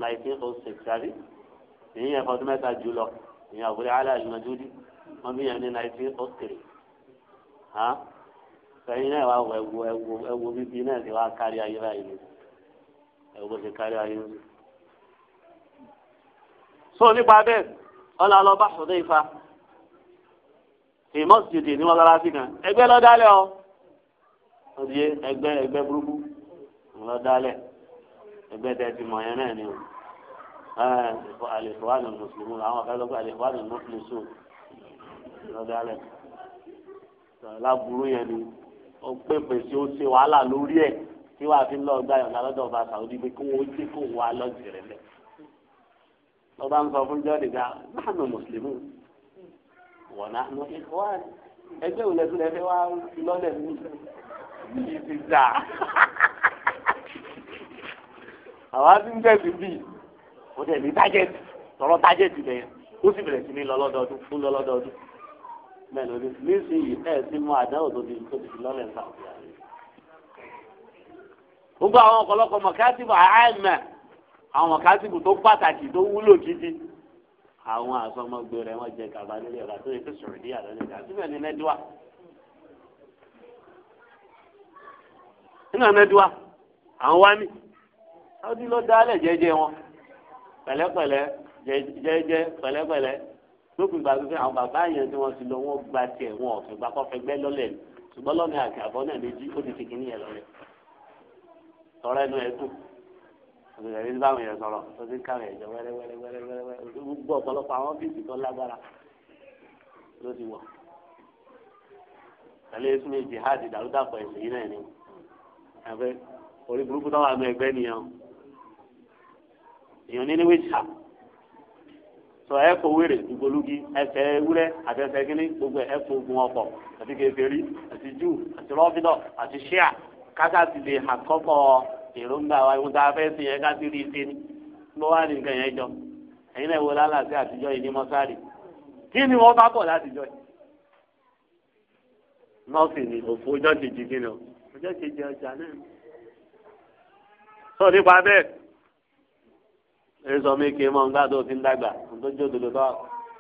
nineteen oh èyí yẹn fọdún mẹ́ta jù lọ èyí àbúrò aláàjùmọ̀júdí wọ́n bí yẹn ní nineteen oh three hàn sẹ́yìn náà wà wọ ẹ̀wọ̀ ẹ̀wọ̀ ẹ̀wọ̀ bíbí náà ti wá kárí ayé báyìí ni ẹ̀wọ̀ bó ti kárí ayé ni. so nípa bẹ́ẹ̀ ọ̀là ọlọ́ba ṣọ̀dọ̀ ìfa ìmọ̀sídìí ní mọ́sálásí kan ẹgbẹ́ lọ́dálẹ̀ ọ́ ọdí ẹgbẹ́ ẹgbẹ́ burúkú ńlọ́dálẹ̀ ẹgbẹ́ tẹ́ ti mọ̀ yẹn náà ni o alìfọ́wánì mùsùlùmí àwọn kan lọ́gbà alìfọ́wánì mùsùlùmí lọ́dọ̀ alẹ́ láburú yẹn ni ó pè pèsè ó ṣe wàhálà lórí ẹ̀ tí wàá fi lọ́ọ́ gbà yọ̀ǹda lọ́dọ̀ ọba sàwọ́dí pé kí wọ́n dé kó wà lọ́jì rẹ̀ lẹ̀ lọ́ba ń sọ fún jọ́ọ̀dì gá nánà mùsùlùmí wọ̀n náà nù ìfọ́wánì ẹgbẹ́ òlẹ́sùn ẹgbẹ́ wa fi lọ́lẹ̀ mú ìfìdá àwa ti ń tẹ̀sí bíi ó dẹ̀ ní tájẹ́tì tọrọ tájẹ́tì lẹ́yìn ó sì bẹ̀rẹ̀ sí ní lọ lọ́dọọdún fún lọ́dọọdún bẹ́ẹ̀ lórí nísìnyí ẹ̀ sí mú àdáwò tó di tó di fi lọ́lẹ̀ ńlá gbogbo àwọn ọ̀pọ̀lọpọ̀ mọ̀kátìbù àmà àwọn mọ̀kátìbù tó pàtàkì tó wúlò gidi àwọn àsọmọgbé rẹ̀ wọ́n jẹ gàba lórí ọ̀la tó yẹ kó sọ̀rọ̀ ní àlọ́ nígbà síbẹ̀ ní nẹ́dúwà. nínú nẹ́dúwà àwọn wá pẹ̀lẹ́pẹ̀lẹ́ jẹ́jẹ́ pẹ̀lẹ́pẹ̀lẹ́ lópin ìgbà pípẹ́ àwọn bàbá yẹn tí wọ́n ti lọ wọ́n gba tiẹ̀ wọn ọ̀fẹ́ gba kọ́fẹ́ gbẹ́ lọ́lẹ̀ ṣùgbọ́n lọ́nà àti àbọ̀ náà méjì ó ti fi kínní yẹn lọ́lẹ̀ tọ́rẹ́ inú ẹ̀kú òṣèlú ní báwọn yẹn sọ̀rọ̀ tó ti ń kàwé ẹ̀jẹ̀ wẹ́rẹ́wẹ́rẹ́wẹ́rẹ́ gbogbo ọ̀pọ̀lọpọ̀ àwọn ọ́fíìsì tó lágbára ló ti wọ̀ pẹ̀lú ìsúnmi jihad ìdàrúdàpọ̀ ẹ̀sìn yìí náà ni ẹgbẹ́ orí burúkú táwọn àmì ẹgbẹ́ nìyẹn èèyàn ní níwèé sà sọ ẹ kò wéré ìgbòlugi ẹsẹ̀ ewúrẹ́ àtẹsẹ̀ kínní gbogbo ẹ kò gun ọkọ àti kèfèrí àti jù àti rọfìdọ àti ṣíà káká ti lè hàn kọkọ èròǹgbà wa ìwọ̀n tá a fẹ́ sìn yẹn ká sí rí i sí ni ló wá ní nǹkan yẹn jọ ẹ̀yin náà wo lálàsí àtijọ́ yìí ní mọ́sáàrì kí ni wọ́n bá bọ̀ látijọ́ yìí nọ́ọ̀sì ni òfò ọjọ́ kejì kí ni o ọjọ́ kejì ọjà náà sọ nípa bẹ́ẹ̀ ẹ sọ mí kí n mọ nígbà tó ti ń dàgbà tó jódodo tó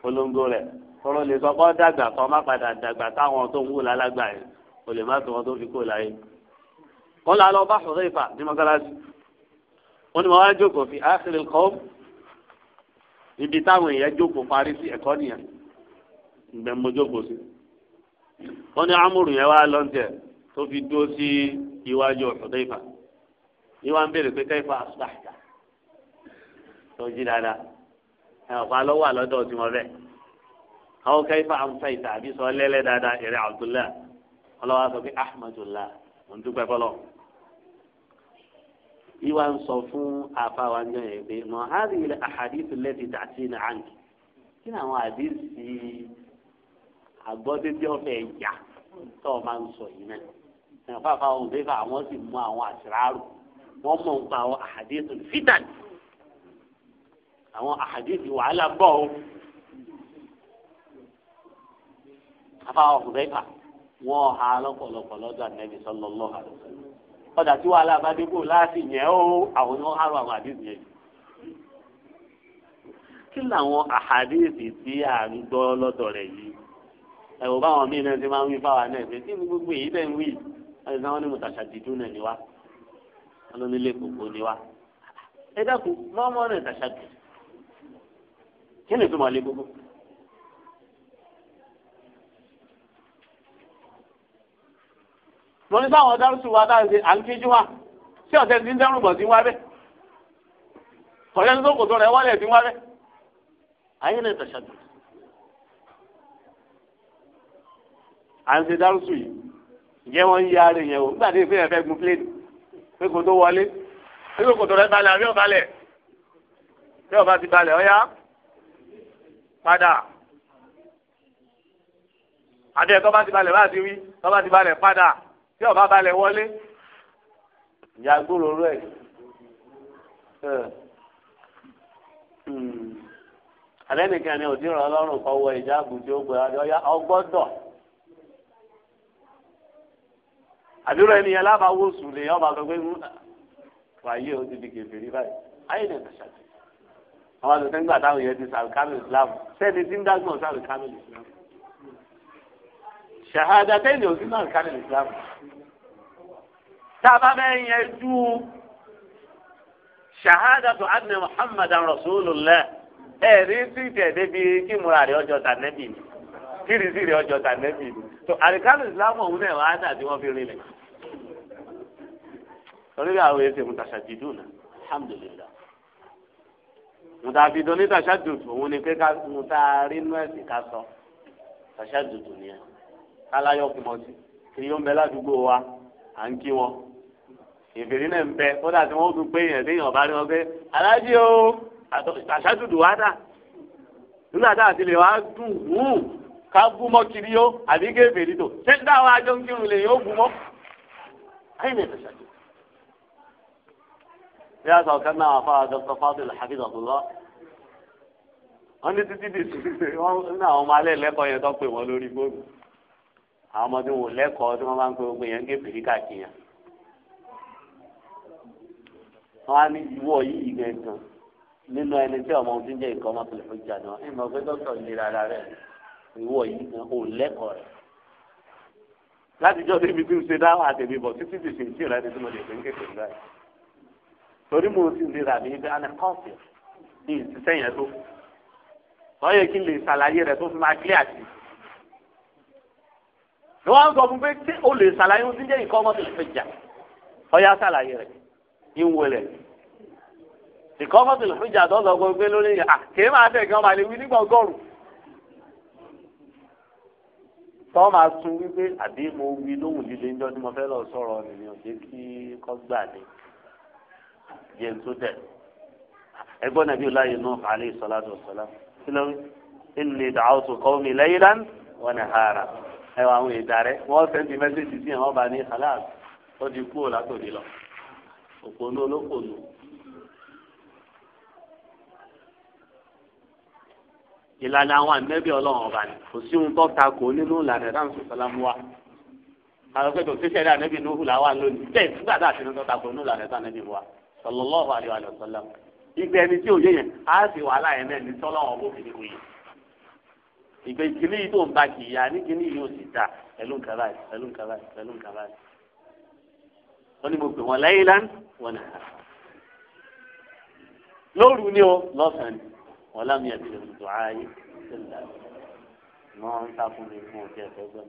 polongo rẹ tọrọ lè sọ kọ́ dàgbà kọ́ má padà dàgbà táwọn tó ń wò lálágbà yẹn kò lè má tó wọn tó fi kó láyé. wọ́n lọ alọ́ bá sọ̀rọ̀ ìfà ní mọ́sálásí wọ́n ní wọ́n wá jókòó fi àṣírí kọ́ ibi táwọn èèyàn jókòó parí sí ẹ̀kọ́ nìyẹn ìgbẹ́ mo jókòó sí. wọ́n ní amúrù yẹn wá lọ́ntẹ̀ tó fi dúró sí iwájú ọ̀sọ̀dọ̀ ìfà ìwà ń béèrè pé kẹ́fà àṣùbàṣà tó jí dáadáa ẹ ọ̀pá lọ́wọ́ àlọ́dọ̀ tí wọ́n bẹ̀. àwọn kẹfà àmúfẹ́ ìta àbí sọ lẹ́lẹ́ dáadáa ẹ̀rẹ́ Abdullah ọlọ́wọ́ sọ pé ahmadullah mo ń dúpẹ́ fọlọ́. ìwà ń sọ fún afáwa ń jẹ́ pé mọ hàrí ilẹ̀ àhàdìsí lẹ́tì dàtí ní àǹkì kí ni àwọn àdìsí àgbọ́dédé ọ̀fẹ́ ìyá tó o máa ń sọ yìí náà ẹ̀fọ́ àfáwọn òbí fà àwọn sì mú àwọn àṣírárù wọ́n mọ̀ nípa àwọn àhàdìsí fítàní àwọn àhàdìsì wàhálà bọ̀ o afáwọn ọkùnrin kà wọn ha lọ́pọ̀lọpọ̀ lọ́dọ̀ ànẹbí sọlọlọ ha ọdà tí wàhálà bá dé kó láti yẹn o àwọn ni wọn hàrọ àwọn àhàdìsì yẹn kí làwọn àhàdìsì tí à ń gbọ́ lọ́dọ̀ rẹ̀ yìí ẹ̀wọ̀n báwọn míì náà ti máa ń wí fáwọn náà ṣe tí gbogbo èyí bẹ́ẹ̀ ń wí ẹ̀ sáwọn ní mùtàṣàdìdú náà ni wá wọn ló nílé kòkó ni wá ẹ dákun mọ́mọ́ rẹ̀ tàṣàdìdú kí ni ìtumọ̀ lé gbogbo. mo ní sáwọn dárúsù wa dáhùn sí àǹkéjú wa tí ọ̀tẹ́ ti ń dárùn bọ̀ sí wá kọ̀ọ̀yẹ́ ní sókòtò rẹ̀ wálẹ̀ sí wá ayé lè tẹ̀sẹ̀ dùn. à ń ṣe dárúsù yìí ìyẹn wọ́n ń ya ara yẹn o nígbà tí ìpínlẹ̀ fẹ́ gun pléènì pé kò tó wọlé pé kò tó rẹ̀ balẹ̀ àbí ọ̀balẹ̀ bí ọba ti balẹ̀ ọ̀yá. padà àti ẹ̀tọ́ bá ti balẹ̀ bá ti wí tọ́ bá ti balẹ̀ padà tí ọba balẹ̀ wọlé ìyá gbòòrò rẹ̀ alẹ́ hmm. nìkan ni òdì ràn lọ́rùn kan wọ ọgbọ́dọ̀ àdúrà lábàá ọba hmm, o ti di kèfèrí báyìí ayé ṣàtìlẹ́. àwọn àti sẹ́ńgbà táwọn yẹn ti sàlùkámì islam sẹ́ni tí ń dágbọ̀n sàlùkámì islam ṣàhádà tẹ́lẹ̀ òsì sàlùkámì islam tá a bá fẹ́ yẹn jú ṣàhádà tó adìyẹ muhammadu rasulullah ẹ̀rí sí tẹ̀dé bíi kí múra rẹ̀ ọjọ́ ta nẹ́bì ni kí rìsí rẹ̀ ọjọ́ ta nẹ́bì ni tó àríkánù islam ọ̀hún náà wàá dà tí wọ́n fi rinlẹ̀ torí àwọn mùtàbí doni tàṣàdùtù òun ni pé ká mùtàrí inú ẹ̀sìn ká sọ tàṣàdùtù nìyẹn káláyọ̀ kùmọ̀tì kí yóò ń bẹ ládùúgbò wa à ń kí wọn ìfèrí náà ń bẹ kódà tí wọn tún pé èèyàn téèyàn bá rí wọn pé aláàjì o tàṣàdùtù wá dà nígbà tá àti lè wá dùn ún ká bú mọ́ kiri yó àbí kéfèrí tó ṣé dáhùn àjọ ń kírun lè yóò bú mọ́ ayé ni tàṣàdùtù bí a sọ kán náà fa dr fadil hafiz abdullah wọn ní títí di sùn wọn ní àwọn ọmọ alẹ lẹkọọ yẹn tó pè wọn lórí fóònù àwọn ọmọdé wò lẹkọọ tí wọn bá ń pe gbogbo yẹn ń gé pèrí káàkiri yẹn wọn á ní ìwọ yìí gẹ̀ẹ́gàn nínú ẹni tí ọmọ ọdún jẹ nǹkan ọmọ pẹ̀lú ìjà náà ẹ mọ pé dókítà ní rárá rẹ ìwọ yìí gan ò lẹkọọ rẹ láti débi tí ń ṣe dáhùn àtẹ̀bí bọ̀ títí di sèǹtì rẹ ni tí mo lè fi ń kékeré báyìí torí mo sì lera mi ibi àná kọ́ọ̀sì ní ìsísẹ́ yẹn tó wọ́n yẹ kí n lè ṣàlàyé rẹ̀ tó fi máa kílẹ̀ àti. ni wọ́n sọ fún pé tí o lè ṣàlàyé ohun tí ń jẹ́ nǹkan ọmọdé lè fẹ́ jà ọyá ṣàlàyé rẹ̀ ní wọlé nǹkan ọmọdé lè fẹ́ jà tó sọ pé lórí yẹn à kì í máa tẹ̀ kí wọ́n máa lè wí nígbà ọgọ́rùn. tọ́ máa sun wípé àbí mo wí lóhùn líle ńjọ́ ni mo fẹ́ lọ sọ̀rọ̀ nìyẹn ò jẹ́ kí kọ́ gbà ní jẹ́ ń tún tẹ̀. ẹgbọ́n nàbí ọláyé náà fàálẹ́ ìsọlá tó sọlá sílẹ̀ ìnìlẹ̀ ìdáwó tó kọ́ mi lẹ́yìn lán wọn ni hàrà ẹ wà àwọn ìdá rẹ wọ́n sẹ́ńtì mẹ́sẹ̀jì sí àwọn ọba ní halal ó ti kú òlátòdì lọ òpónú olókòlù. ìlànà àwọn ànẹ́bí ọlọ́run ọba ni kò sí ohun tó ta kò nínú ìlànà ẹ̀dá nsọ sọlámù wa àwọn pẹ̀lú òṣìṣẹ́ ànẹ́bí nùhùn làwọn lónìí bẹ́ẹ̀ nígbà tá a ti tó ta kò nínú ìlànà ẹ̀dá ànẹ́bí wa sallallahu alayhi wa sallam ìgbà ẹni tí òye yẹn á sì wàhálà yẹn náà ní tọ́lọ́ wọn bó fi ní òye ìgbà ìkíní yìí tó ń ba kì í ya ní kíní yìí ó sì dà pẹ̀lú nǹkan báyìí pẹ̀lú nǹkan báyìí pẹ̀lú nǹkan báyìí wọ́n ní mo pè wọ́n lẹ́yìn lán wọ́n nà á lóru ni o lọ́sàn-án lámì àti ìrìn tó ayé ṣẹlẹ̀ mọ́ ń sá fún mi fún òkè ẹ̀fẹ́ gbọ́n.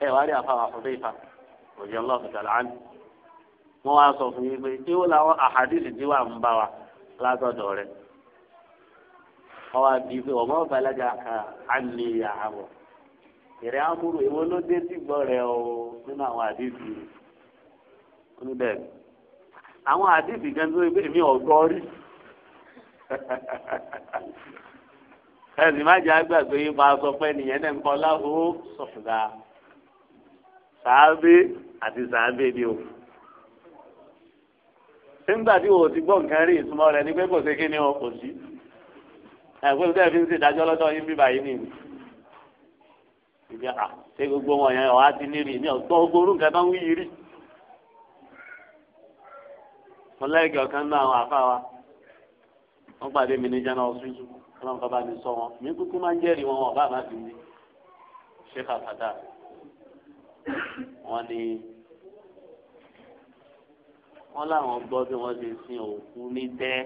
ẹ wá rí àfa àfọ bẹ́ẹ̀fà òjì ọlọ́ọ̀fù tàlà án wọn wá sọ fún yín pé kí ó làwọn àhàdìsì tí wà ń bá wa látọ̀dọ̀ rẹ̀ wọn wá bí pé ọmọ balaja àmì àwọ̀ ìrẹ́ amúrò ìwọ ló dé sí gbọ́ o nínú àwọn àdìsì oníbẹ̀ àwọn àdìsì kan tó sàábé àti sàábé ni o nígbà tí o ti gbọ́ nǹkan rí ìsúnmọ́ rẹ ní pé kò sí kíni o kò sí ẹ̀gbọ́n tẹ́ fi ń ṣèdájọ́ lọ́dọ̀ yín bíbá yín nìyí ìgbà à ṣé gbogbo wọn yẹn ọ̀ á ti ní rí ní ọ̀gbọ́n ogorú nǹkan tó ń wí yìí rí wọn lẹ́gẹ̀ẹ́ ọ̀kan náà àwọn àfa wa wọ́n pàdé mi ní jẹ́nà ọ̀ṣunjú ọlọ́run kọ́ bá mi sọ wọn mi kúkú máa ń jẹ́rìí wọn wọn bá àbá ti ní ṣé kàkàtà wọ́n ní wọ́n láwọn gbọ́ bí wọ́n ti sin òkú ní tẹ́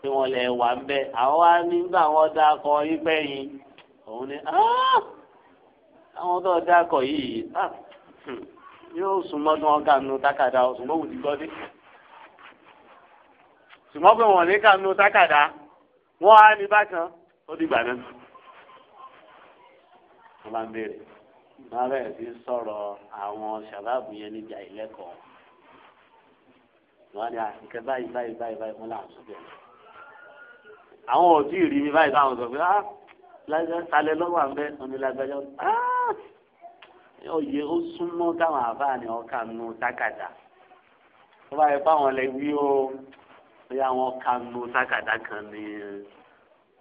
tí wọ́n lè wà ń bẹ́ àwọn wá nígbà wọ́n dákọ ipẹ́ yìí òun ni àwọn tó dákọ yìí yóò sùn lọ́dún ọ̀gá nu tákàdá ọ̀sùn lówù ti dé ṣùgbọ́n pé wọ́n ní ká nu tákàdá wọ́n á ní bákan ó dìgbà náà wọ́n bá ń béèrè bàbá ẹ̀ fi sọ̀rọ̀ àwọn sàbáàbù yẹn níjà ìlẹ́kọ̀ọ́ wọn ni àtìkẹ́ báyìí báyìí báyìí báyìí wọn làwọn sọ bẹ́ẹ̀ àwọn ò tí ì rí mi báyìí báwọn sọ pé ah, á talẹ lọ́wọ́ àbẹ́ onílágbájá á ah, oyè ó súnmọ́ káwọn àbáà ni ọkà nù tákàdá wọ́n bá yẹ fáwọn lè wí o bóyá wọn kà nù tákàdá kan ni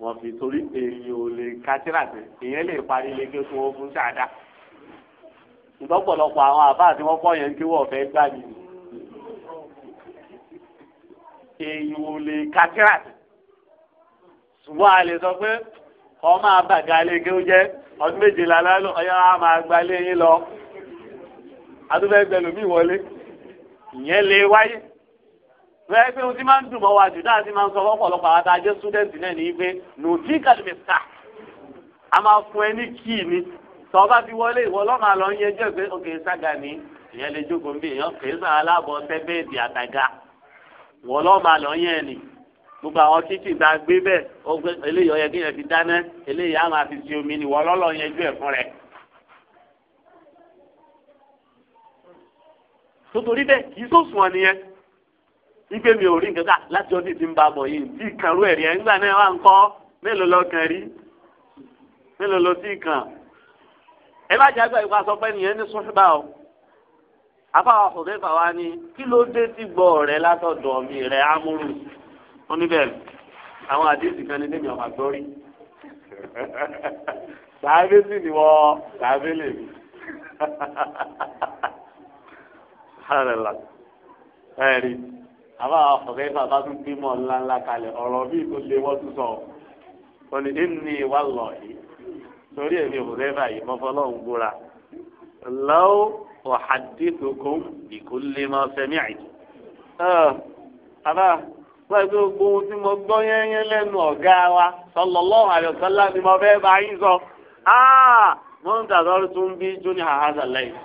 wọ́n fi torí èyí ò lè ka tíra tẹ̀ èyí lè parí lé kí wọ́n fún sáadá ìtọ́pọ̀lọpọ̀ àwọn àbá àti wọ́n fọ́yẹ̀ ń kíwọ́ ọ̀fẹ́ gbà mí. ò lè ka ṣùgbọ́n a lè sọ pé ọ máa bàgà lé ó jẹ́ ọdún méjìlá lálọ́ ọyọ́ á máa gba lé yín lọ adúbẹ́gbẹ́ lómi wọlé ìyẹn lè wáyé bẹ́ẹ̀ pé ohun tí máa ń dùn mọ́ wa jù náà ti máa ń sọ fọ́pọ̀lọpọ̀ àwọn tá a jẹ́ sítúdẹ̀ǹtì náà ní pé nùtí kàdùmẹ̀sà a máa fún ẹ ní kíì ni tọ́ba ti wọlé ìwọ lọ́mọ àlọ́ ń yẹjọ́ pé òkè sága ní ìyẹn lè jókòó nbí èèyàn kè é sàn aláàbọ̀ sẹ́bẹ̀ẹ̀dì àtàgà ìwọ àlọ́ yẹn ni gbogbo àwọn kíchìn tá a gbé bẹ́ẹ̀ ó gbé eléyìí ọyẹ kéèyàn fi dáná eléyìí á máa fi si omi ni ìwọ lọ́lọ́ ẹ̀ fún rẹ̀. nítorí bẹ́ẹ̀ kì í sòsùn ọ̀nìyẹn ìgbé mi ò rí nǹkan ká láti ọdún tí ń bá bọ̀ yìí tí ẹ̀rí ẹ̀ ńgbà náà wà ń kọ́ mélòó lọ rí mélòó lọ sí ìkàn ẹ bá jágbá ìwà sọ pé nìyẹn ní sùnfà o afáwọn ọkùnrin fà wá ní kí ló dé tí gbọ́ rẹ látọ̀dọ̀ mi rẹ amúrú wọn níbẹ̀ àwọn àdéhùn kan ní tèmi ọ̀pá gbórí sàábé sì ni wọ́n sàábé lè mi hàlẹ́lá ẹ̀rí àbáwọn ọkùnrin fà tún bímọ ńláńlá kalẹ̀ ọ̀rọ̀ bíi tó lé wọ́n tún sọ ọ́ ní ẹ̀mí wà lọ́ọ̀yì torí èmi ò fẹ́ báyìí mọ́ fọlọ́hún búra lọ́wọ́ ọ̀hádìkòkòm ìkúlé máa fẹ́mi àìtú. àbá wọ́n ti gbogbo ohun tí mo gbọ́ yẹ́nyẹ́ lẹ́nu ọ̀gá wa sallallahu alaihi wasallam ni mo fẹ́ bá yín sọ. mo ń dàgbọ́rù tún bí júnì àhàzà lẹ́yìn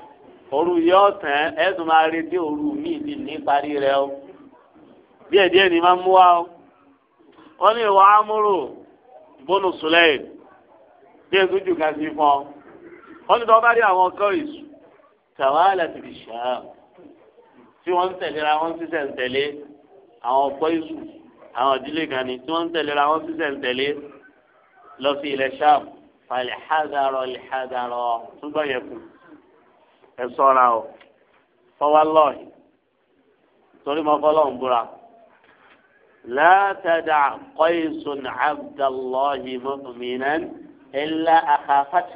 òru yọ tán ẹ̀sùn máa retí òru mi ti ní parí rẹ o díẹ̀díẹ̀ ni máa mú wa o. wọ́n ní ìwà amúrò bónú sùlẹ́yìn bí ẹsùn jù kan sí fún ọ wọn ní tó bá rí àwọn kọ́ìs tàwálà ti fi ṣáà tí wọ́n ń tẹ̀léra wọn sísẹ̀ ń tẹ̀lé àwọn kọ́ìsù àwọn ìdílé kan ní tí wọ́n ń tẹ̀léra wọn sísẹ̀ ń lọ sí ilẹ̀ ṣáà falẹ̀ xadarọ̀ lẹ̀ xadarọ̀ túbọ̀ yẹ kù ẹ sọ́ra o fọwọ́ lọ́ọ̀hì torí mo fọlọ́ ń búra. لا تدع قيس عبد الله مؤمنا ẹ̀la àkàfàtì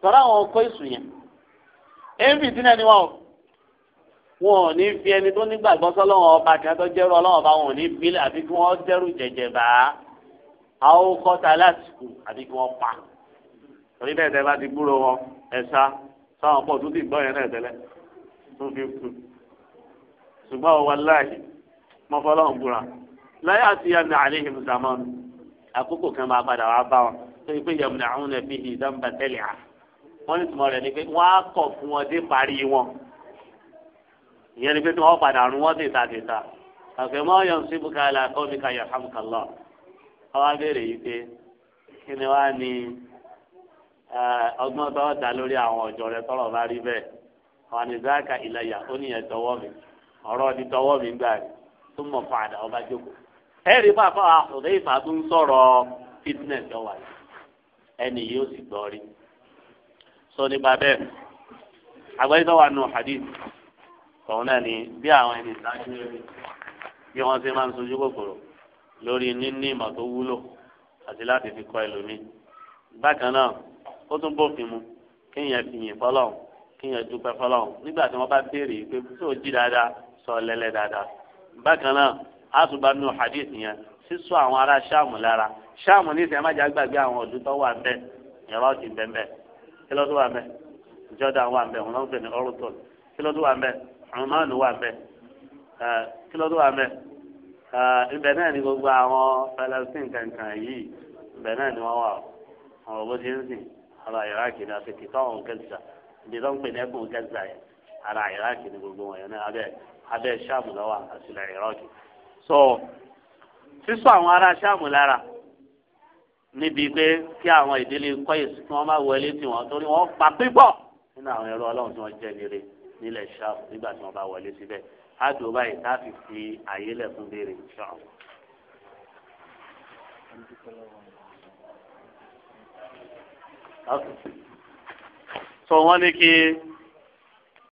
tọ́lá àwọn ọkọ̀ ìsù yẹn ẹ̀ńfì sínú ẹni wọn o wọn ò ní fi ẹni tó nígbàgbọ́ sọ́lọ́wọ́n ọba kan tó jẹ́rú ọlọ́wọ́n bá wọn ò ní bílẹ̀ àfi kí wọ́n dẹ́rù jẹ̀jẹ̀ bá àwọn ọkọ̀ tá lásìkò àfi kí wọ́n pa torí bẹ́ẹ̀ tẹ́ bá ti gbúrò wọn ẹ̀sà sáwọn pọ̀ tó ti gbọ́ yẹn náà tẹ́lẹ̀ tó fi kú ṣùgbọ́n wọn láàyè mọ́fọ́lọ́hùn búra láyé àti yàmi àléhìn sàmọ́nù àkókò kan máa padà wá bá wọn tó yẹ pé yẹmùnà àwọn ẹbí yìí dáńbà tẹ́lẹ̀ à wọ́n ní tùmọ̀ rẹ̀ ni pé wọ́n á kọ̀ fún wọn dé parí wọn ìyẹn ni pé tí wọ́n padà rún wọ́n tètà tètà àfẹ́ mọ́ yọ̀ sí bukà là kọ́ mi ká yà hàmùkàlọ́ àwa béèrè yìí pé kí ni wàá ní ọgbọ́n tó dá lórí àwọn ọ̀jọ̀ rẹ tọrọ bá rí bẹ́ẹ̀ àwọn àníṣáàkà ìlàyà ó nìyẹn tọwọ́ mi ọ̀rọ̀ ni tọwọ́ mi gbà tó mọ̀ fún ọba jókòó ẹ̀rí pàápàá ọ̀dẹ́ ìfà tó sọ̀rọ̀ fitness lọ́wọ́ ẹni yóò sì gbọ́ rí sọ nípa bẹ́ẹ̀ àgbáyé tó wà nù hadith tọ̀hún náà ni bí àwọn ẹni ìsáájú rẹ̀ bí wọ́n ṣe máa ń sojú kòkòrò lórí níní ìmọ̀ tó wúlò àti láti fi kọ́ ẹlòmíì bákan náà ó tún bófin mu kéèyàn fi yìn kéèyàn dúpẹ́ fọlọ́hún nígbà tí wọ́n bá béèrè pé tó jí dáadáa sọ lẹ́lẹ́ dáadáa bákan náà á tún yẹn sísọ àwọn ará sáàmù lára sáàmù ní ìsìn àmàjà gbàgbé àwọn ọdún tó wà bẹ ìrọ ti bẹ bẹ kí ló tó wà bẹ Jordan wà bẹ òun ló ń pè ní ọrùtò kí ló tó wà bẹ ọmọnù wà bẹ kí ló tó wà bẹ ibẹ̀ náà ni gbogbo àwọn Palestine kankan yìí ibẹ̀ náà ni wọn wà àwọn òbó ti ń sìn ara Iraq ni àti kìtọ àwọn Gaza ibi tó ń pè ní ẹkùn Gaza yẹn ara Iraq ni gbogbo wọn yẹn náà abẹ abẹ sáàmù lọ́wọ́ àti ilẹ̀ Iraq so sísọ àwọn ará sáàmù lára níbi pé kí àwọn ìdílé kọ́yèsí kí wọ́n má wọlé tì wọ́n torí wọ́n pa pípọ̀ nínú àwọn ẹrú ọlọ́run tí wọ́n jẹ́ nire nílẹ̀ sáàmù nígbà tí wọ́n bá wọlé síbẹ̀ àdùn báyìí tá fi fi lẹ̀ fún béèrè sáàmù. sọ wọ́n ní kí.